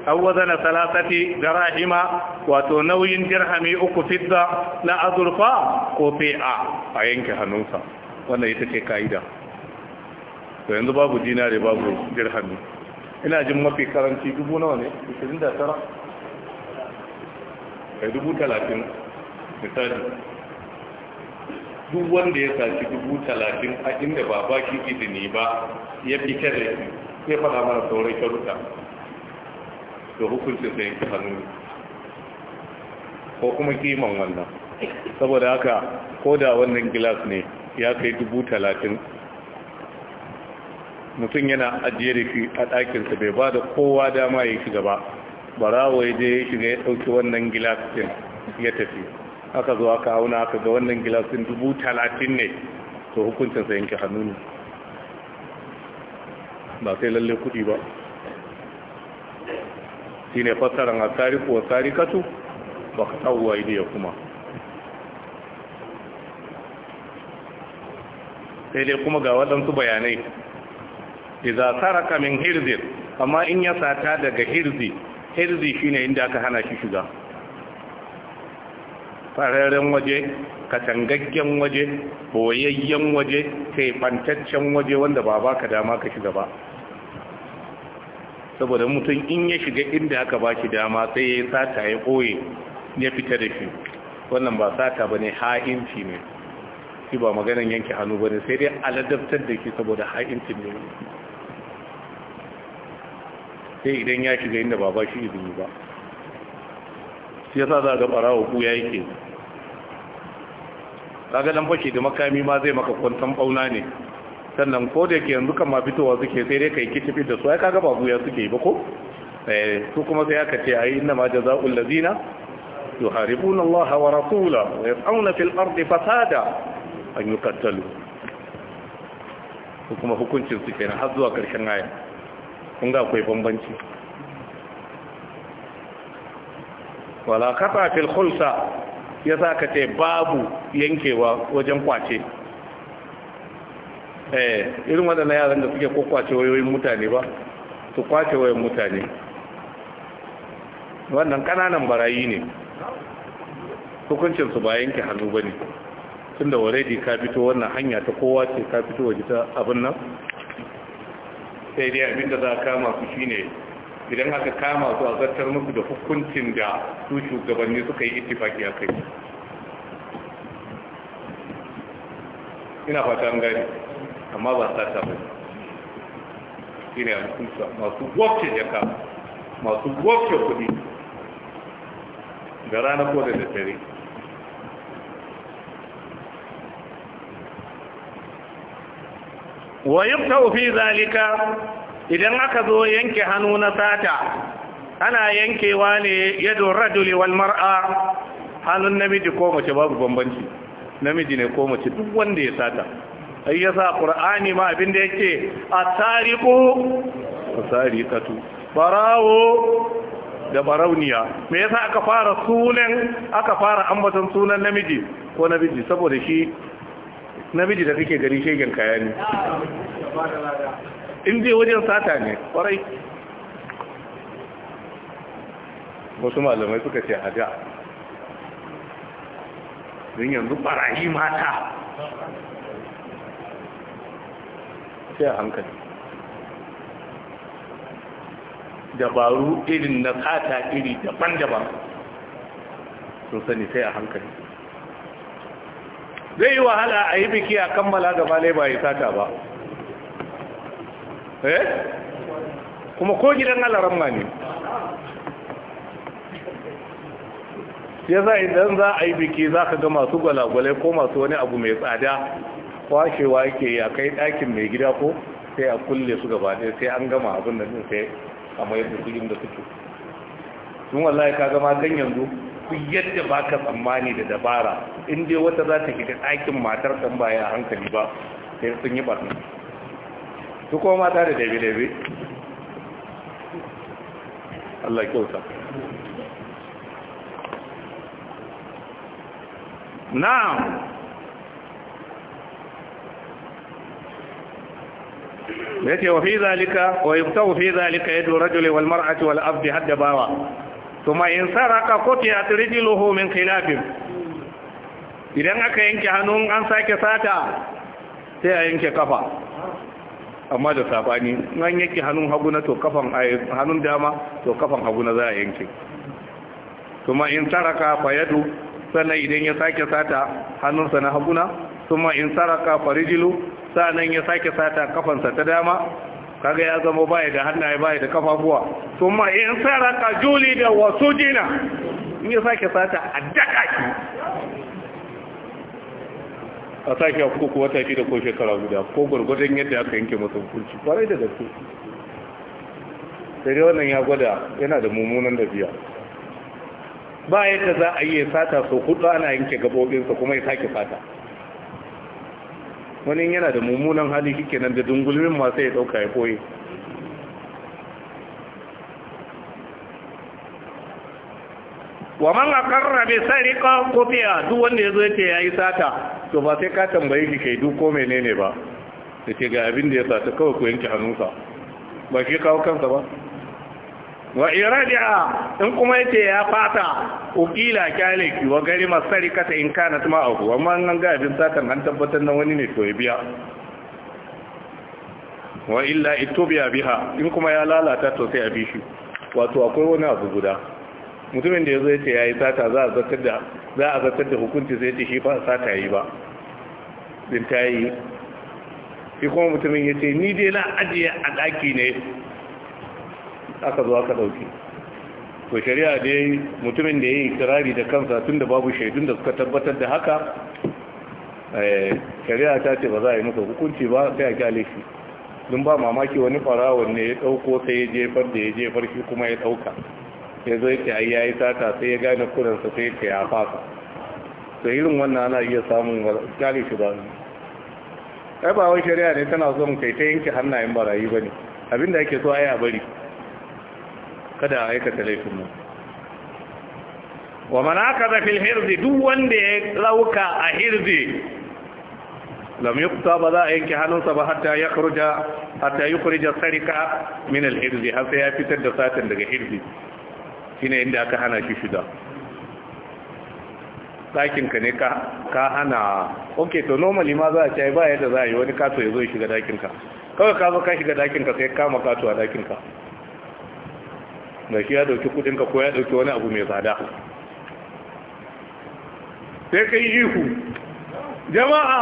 awwazana salasati da rahima wato nauyin dirhami uku fidda na azurfa ko fi'a a yanke hannunsa wannan ita ce ka'ida to yanzu babu dinare babu dirhami ina jin mafi karanci dubu nawa ne 29 kai eh, dubu talatin misali duk wanda ya saci dubu talatin a inda ba ba shi izini ba ya fi kere ya sai faɗa mana sauran sharuta da hukuncin sai ki hannu ko kuma kiman wannan saboda haka ko da wannan gilas ne ya kai dubu talatin mutum yana ajiye da shi a ɗakinsa bai ba da kowa dama ya shiga ba barawo ya je ya shiga ya ɗauki wannan gilasin ya tafi aka zuwa ka auna aka ga wannan gilasin dubu talatin ne to hukuncinsa yanke hannu ne ba sai lalle kuɗi ba shi ne fassarar a ko wa tarikatu ba ka tsawuwa ya kuma sai dai kuma ga waɗansu bayanai iza saraka min hirzin amma in ya sata daga hirzi hirzi shine inda aka hana shi shiga fararen waje katangaggen waje boyayyen waje taifantaccen waje wanda ba baka dama ka shiga ba saboda mutum in ya shiga inda aka baki dama sai ya sata ya koye ya fita da shi wannan ba sata ba ne ha'inci ne shi ba maganin yanke hannu ba ne sai dai aladabtar da shi saboda ha'inci ne sai idan ya shiga inda ba ba shi izini ba sai ya sa za ga barawa ku ya yake ga dan fashe da makami ma zai maka kwantan bauna ne sannan ko da ke yanzu kan ma fitowa suke sai dai kai kitifi da su ai kaga ba suke ba ko eh, su kuma sai aka ce ai inna ma jazaa'ul ladina yuharibuna Allah wa rasula wa yas'una fil ardi fasada an yuqattalu kuma hukuncin su na har zuwa karshen aya kun ga akwai bambanci wala kafa fil khulsa ya sa ka ce babu yankewa wajen kwace eh irin wadannan yaran da suke kwace wayoyin mutane ba su kwace wayoyin mutane wannan kananan barayi ne su ba yanke hannu ba ne Tunda da ka fito wannan hanya ta kowa ce ka fito waje ta abin nan sai dai abinda za a kama su shine idan aka kama su a zartar musu da hukuncin da su shugabanni suka yi itifaki a kai ina fata an gani amma ba sa ta bai shine alkunsa masu ya kama masu wakce kudi da rana ko da daddare wa yubta fi zalika idan aka zo yanke hannu na sata ana yankewa ne yadda rajuli wal mar'a hannun namiji ko mace babu bambanci namiji ne ko mace duk wanda ya sata ai ya sa qur'ani ma abin da yake A tsarikatu. barawo da barauniya me yasa aka fara sunan aka fara ambaton sunan namiji ko namiji saboda shi namiji da kake gari shegen kaya ne in je wajen sata ne kwarai wasu malamai suka ce haja zai yanzu barayi mata sai a hankali dabaru irin na sata iri daban-daban sun sani sai a hankali zai yi wahala a yi biki a kammala gaba ne ba yi sata ba eh kuma ko gidan alaramma ne ya za idan za a yi biki za ka ga masu gwalagwale ko masu wani abu mai tsada kwashewa ke a kai ɗakin mai gida ko sai a kulle su gaba ɗaya sai an gama abin da sai a mayar da su inda suke sun wallahi ka gama kan yanzu ku yadda ba ka tsammani da dabara in wata za ta shiga ɗakin matar ɗan baya hankali ba sai sun yi barna su kuma mata da dabe-dabe Allah kyauta na'am yake wa fi zalika wa yubtahu fi zalika yadu rajuli wal mar'ati wal abdi Haddabawa. kuma in saraka kutiya rijluhu min khilafin idan aka yanke hannun an sake sata sai a yanke kafa amma da sabani an yanke hannun hagu na to kafan hannun dama to kafan hagu na za a yanke kuma in saraka fayadu sannan idan ya sake sata hannunsa na haguna kuma in saraka farijilu sannan ya sake sata kafansa ta dama kaga ya zama baya da hannaye baya da kafafuwa ma in saraka juli da wasu jina in ya sake sata a daga ki. a sake a kuku wata shi da ko shekara guda ko gwargwadon yadda aka yanke masa hukunci kwarai da gaske sai wannan ya gwada yana da mummunan da biya ba yadda za a yi sata sau hudu ana yanke gabobinsa kuma ya sake sata wani yana da mummunan hali kike nan da dungulmin masu ya dauka ya koyi wa man aqarra bi sariqa qutiya duk wanda yazo yake yayi sata to ba sai ka tambaye shi kai duk ko menene ba sai ga abin da ya sata kawai ku yanke hannunsa ba shi kawo kansa ba wa iradi'a in kuma yace ya fata ukila kyaleki wa gari masarikata in kana tuma abu amma an ga abin satan an tabbatar nan wani ne to ya biya wa illa itubiya biha in kuma ya lalata to sai a bi shi wato akwai wani abu guda mutumin da yazo yace yayi sata za a zartar da za a zartar da hukunci sai yace shi ba sata yi ba din tayi shi kuma mutumin yace ni dai na ajiye a daki ne aka zo aka ɗauki to shari'a dai mutumin da ya yi kirari da kansa tun da babu shaidun da suka tabbatar da haka eh, shari'a ta ce ba za a yi masa hukunci ba sai a kyale shi don ba mamaki wani farawon ne ya dauko sai ya jefar da ya jefar shi kuma ya dauka. ya zo yake ai yayi sata sai ya gane kuransa sai ya ya fasa to irin wannan ana iya samun kyale shi ba ai ba wai shari'a ne tana son kai ta yanke hannayen barayi bane abinda ake so ai a bari kada a aikata laifinmu wa mana aka zafi hirzi duk wanda ya lauka a hirzi lam yukta ba za a yanke hannunsa ba hatta ya kurja hatta yi kurja sarika min alhirzi har sai ya fitar da satin daga hirzi shine inda aka hana shi shida ɗakinka ne ka hana ok to normally ma za a ce ba yadda za a yi wani kato ya zo ya shiga ɗakinka kawai ka zo ka shiga ɗakinka sai kama kato a ɗakinka mai shi ya dauki kudinka ko ya dauki wani abu mai tsada sai kai ihu jama'a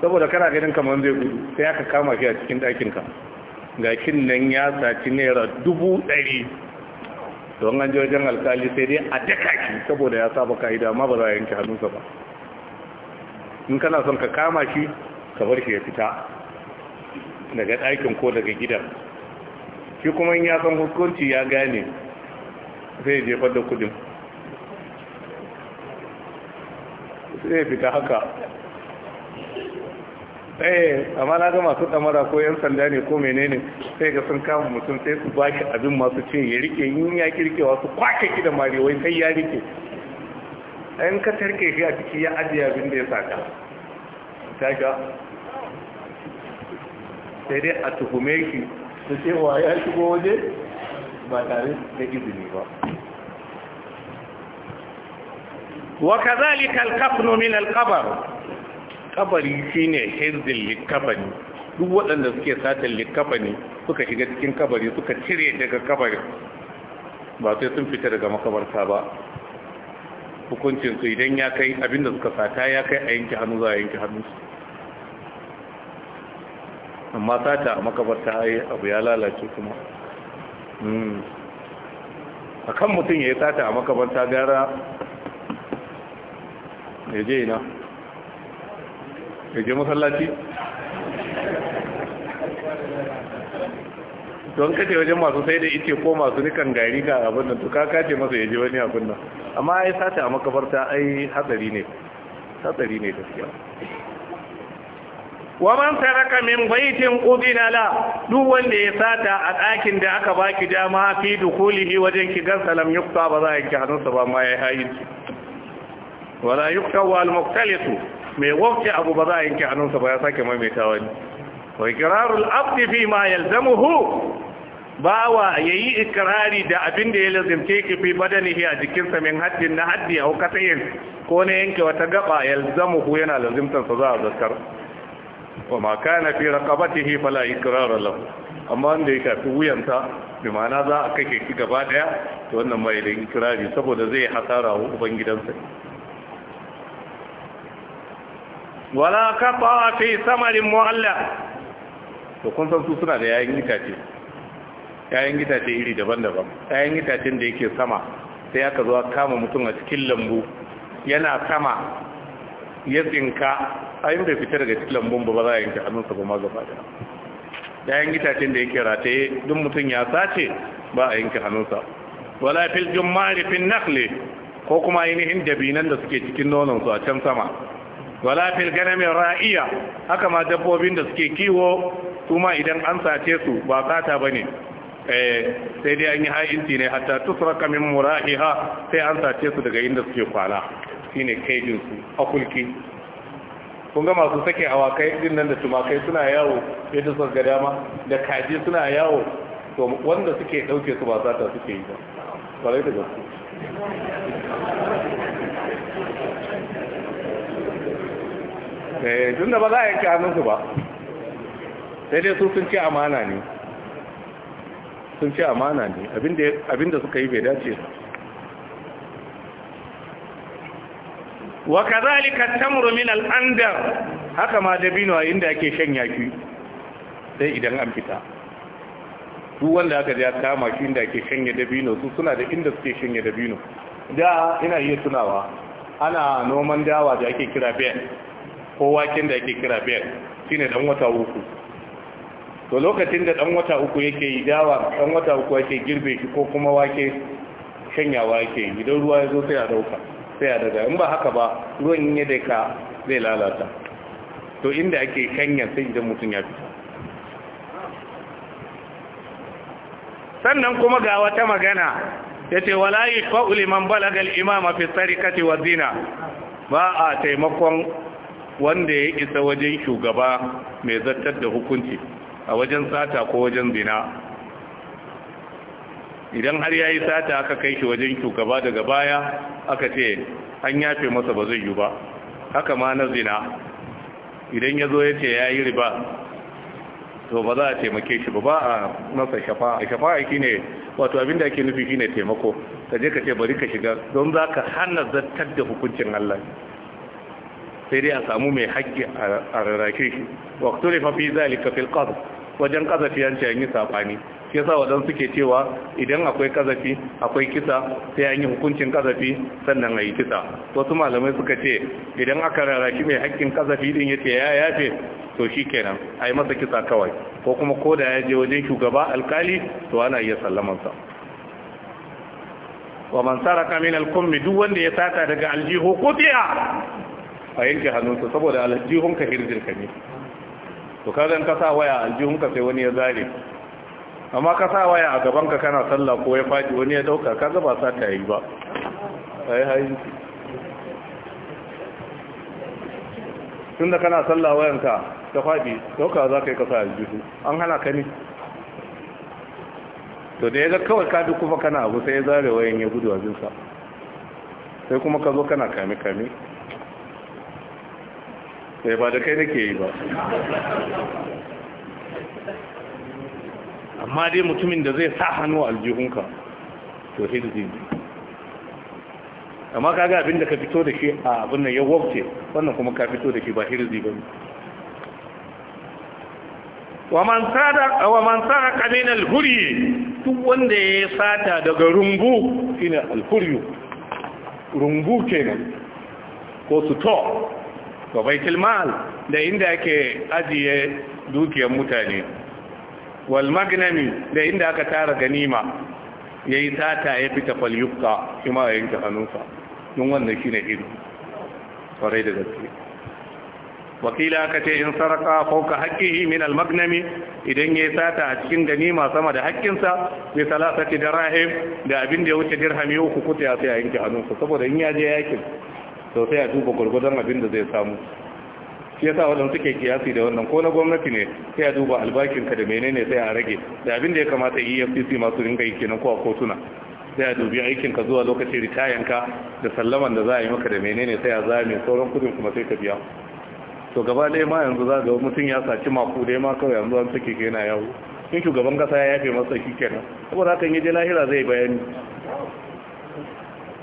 saboda kana ganin kamar zai gudu sai aka kama shi a cikin ɗakinka ga kin nan ya saci naira dubu ɗari don an wajen alkali sai dai a daka shi saboda ya saba ka'ida amma ba za a yanke hannunsa ba in kana son ka kama shi ka bar shi ya fita daga ɗakin ko daga gidan shi kuma in ya san hukunci ya gane zai jefar da kudin zai fita haka eh amma na ga masu ɗamara ko yan sanda ne ko menene sai ga sun kama mutum sai su ba shi abin masu ce ya rike yin ya kirkewa su kwake ki da marewai sai ya rike ɗayan ka tarke shi a ciki ya ajiye abin da ya saka ta sai dai a tuhume shi su cewa ya shigo waje ba tare da izini ba wa kazalika al-kafnu min al-qabr kabari shine hirzin likabani duk waɗanda suke satar likabani suka shiga cikin kabari suka cire daga kabari, ba sai sun fita daga makabarta ba hukuncin su idan ya kai abinda suka sata ya kai a yanke hannu za a yanke hannu su amma sata a makabarta yi abu ya lalace kuma hmm. a kan mutum ya yi sata a makabarta gara ya je ina ya je masallaci don kace wajen masu sai da ice ko masu nikan gari ga abin da to kace masa ya je wani abin nan amma ai sata a makabarta ai hatsari ne hatsari ne gaskiya wa man min baitin udina la duk wanda ya sata a ɗakin da aka baki dama fi dukulihi wajen ki kigan salam yukta ba za a yanke hannunsa ba ma ya hayi wala yukta wal muqtalisu mai wafce abu ba za a yanke hannunsa ba ya sake maimaita wani wa ikrarul abdi fi ma yalzamuhu bawa yayi ikrari da abin da ya lazimce ki fi badanihi a jikinsa min haddin na haddi au katayin ko ne yanke wata gaba yalzamuhu yana lazimtansa za a zakar wa ma kana fi raqabatihi fala ikrara lahu amma wanda ya fi wuyanta bi ma'ana za a kake shi gaba daya to wannan mai da ikrari saboda zai hasara wa uban gidansa. wala qata fi samarin mu'alla to kun san su suna da yayin itace yayin itace iri daban-daban yayin itacen da yake sama sai aka zo kama mutum a cikin lambu yana sama ya tsinka yin bai fitar daga cikin lambun ba za a yanke hannunsa ma gaba da yayin gitacen da yake rataye duk mutum ya sace ba a yanke hannunsa wala fil jin fil nakli ko kuma ainihin dabinan da suke cikin nonon su a can sama wala fil ganami ra'iya haka ma dabbobin da suke kiwo kuma idan an sace su ba kata ba ne eh, sai dai an yi ha'inci ne hatta tusraka min murahiha sai an sace su daga inda suke kwana shine kaidin su a kulki kun ga masu sake awakai din nan da tumakai suna yawo yadda suka ga dama da kaji suna yawo to wanda suke dauke su ba za ta suke yi ba kwarai da gaske eh da ba za a yanke hannunsu ba sai dai su sun ce amana ne sun ce amana ne abinda suka yi bai dace ba wa kazalika tamru min al-andar haka ma dabino a inda ake shan yaki sai idan an fita duk wanda aka ja kama shi inda ake shanye dabino su suna da inda suke shanye dabino da ina iya tunawa ana noman dawa da ake kira ben ko waken da ake kira ben shine dan wata uku to lokacin da dan wata uku yake yi dawa dan wata uku yake girbe shi ko kuma wake shanyawa yake idan ruwa ya zo sai a dauka tsaya daga in ba haka ba ruwan ya ka zai lalata to inda ake kanya sai idan mutum ya fita sannan kuma ga wata magana ya ce wala fa'uli man balagal imama fi Kati wa zina ba a taimakon wanda ya isa wajen shugaba mai zartar da hukunci a wajen sata ko wajen zina idan har ya yi sata aka kai shi wajen shugaba daga baya aka ce an yafe masa ba zai yi ba haka ma na zina idan ya zo ya ce ya yi riba to ba za a taimake shi ba ba a masa shafa'a shafa'a shi ne wato abinda ake nufi shi ne taimako ka je ka ce bari ka shiga don za ka hana zartar da hukuncin Allah sai dai a samu mai haƙƙi a rarrake shi waktu ne fafi zalika fil qadr wajen kasafi fiyanci an yi sabani shi yasa wadan suke cewa idan akwai kazafi akwai kisa sai an yi hukuncin kazafi sannan a yi kisa wasu malamai suka ce idan aka rarraki mai haƙƙin kazafi din ya ce ya yafe to shi kenan a yi masa kisa kawai ko kuma ko da ya je wajen shugaba alkali to ana iya sallamansa wa man saraka min al-kummi duk wanda ya sata daga aljihu kutiya a yanke hannunsa saboda aljihunka ka hirjin ne to kaga in ka sa waya aljihun ka sai wani ya zare amma ka sa waya a gaban ka kana sallah ko ya faɗi wani ya dauka ka ba sa ta yi ba ai hai tunda kana sallah wayanka ta faɗi dauka za ka yi a aljihu an hana ka ne to da ya ga kawai ka duk kuma kana abu sai ya zare wayan ya gudu sa. sai kuma ka zo kana kame-kame sai eh, ba da kai nake yi ba amma dai mutumin da zai sa hannu a aljihunka to yi amma kaga abin da ka fito da shi a abin nan ya wabce wannan kuma ka fito da shi ba hirzi ba wa man sa min al-huryi duk wanda ya sata daga rumbu shine al-huryu rumbu kenan ko to ga baitul ma'al da inda ake ajiye dukiyar mutane walmagnami da inda aka tara ganima yayi sata ya fita falyukka kuma ya yanke hannunsa don wannan shine ido kwarai da gaske wakila aka ce in saraka ka haƙƙihi min almagnami idan ya sata a cikin ganima sama da haƙƙinsa bi salasati dirahim da abin da ya wuce dirhami uku kuta ya sai a yanke hannunsa saboda in ya je yakin sosai a duba gurgurdan abin da zai samu shi yasa wannan suke kiyasi da wannan ko na gwamnati ne sai a duba albakin ka da menene sai a rage da abin da ya kamata EFCC masu ringa yi kenan ko a kotuna sai a dubi aikin ka zuwa lokacin ritayan ka da sallaman da za a yi maka da menene sai a zame sauran kudin kuma sai ka biya to gaba ɗaya ma yanzu za ga mutum ya saci maku dai ma kawai yanzu an suke yana yawo in shugaban kasa ya yafe masa shi kenan saboda hakan yaje lahira zai bayani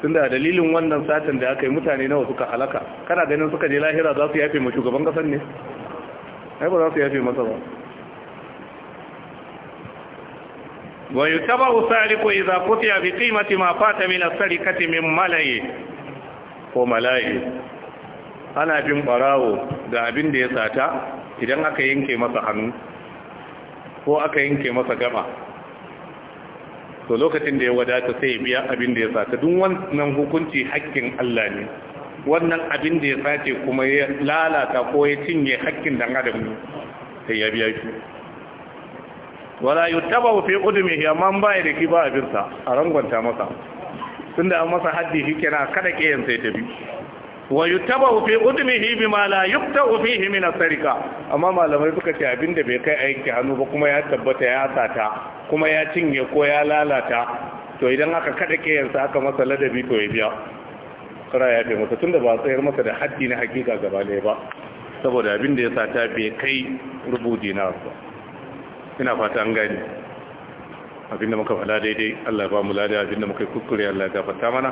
tunda dalilin wannan satin da aka yi mutane nawa suka halaka kana ganin suka je lahira za su yafe ma shugaban kasar ne ai ba za su yafe masa ba wa yutaba sariqu idza qutiya bi qimati ma fata min as sarikati min malai ko malai ana bin barawo ga abin da ya sata idan aka yanke masa hannu ko aka yanke masa gaba to lokacin da ya wadata sai ya biya abin da ya sace, duk wannan hukunci hakkin Allah ne wannan abin da ya sace kuma ya lalata ko ya cinye hakkin dan adam ne sai ya biya shi wala yutaba fi udmi ya man bai da kiba abinsa a rangwanta masa tunda an masa haddi shi kenan kada kiyan sai ta bi wa yutabahu fi udmihi bima la yuktahu fihi min as-sarika amma malamai suka ce abinda bai kai aiki hannu ba kuma ya tabbata ya sata kuma ya cinye ko ya lalata to idan aka kada kiyansa aka masa ladabi to ya biya kara ya bi masa tunda ba tsayar masa da haddi na hakika gaba ne ba saboda abinda ya sata bai kai rubu dinar ba ina fata an gani abinda muka fada daidai Allah ya ba mu lada abinda muka kuskure Allah ya gafarta mana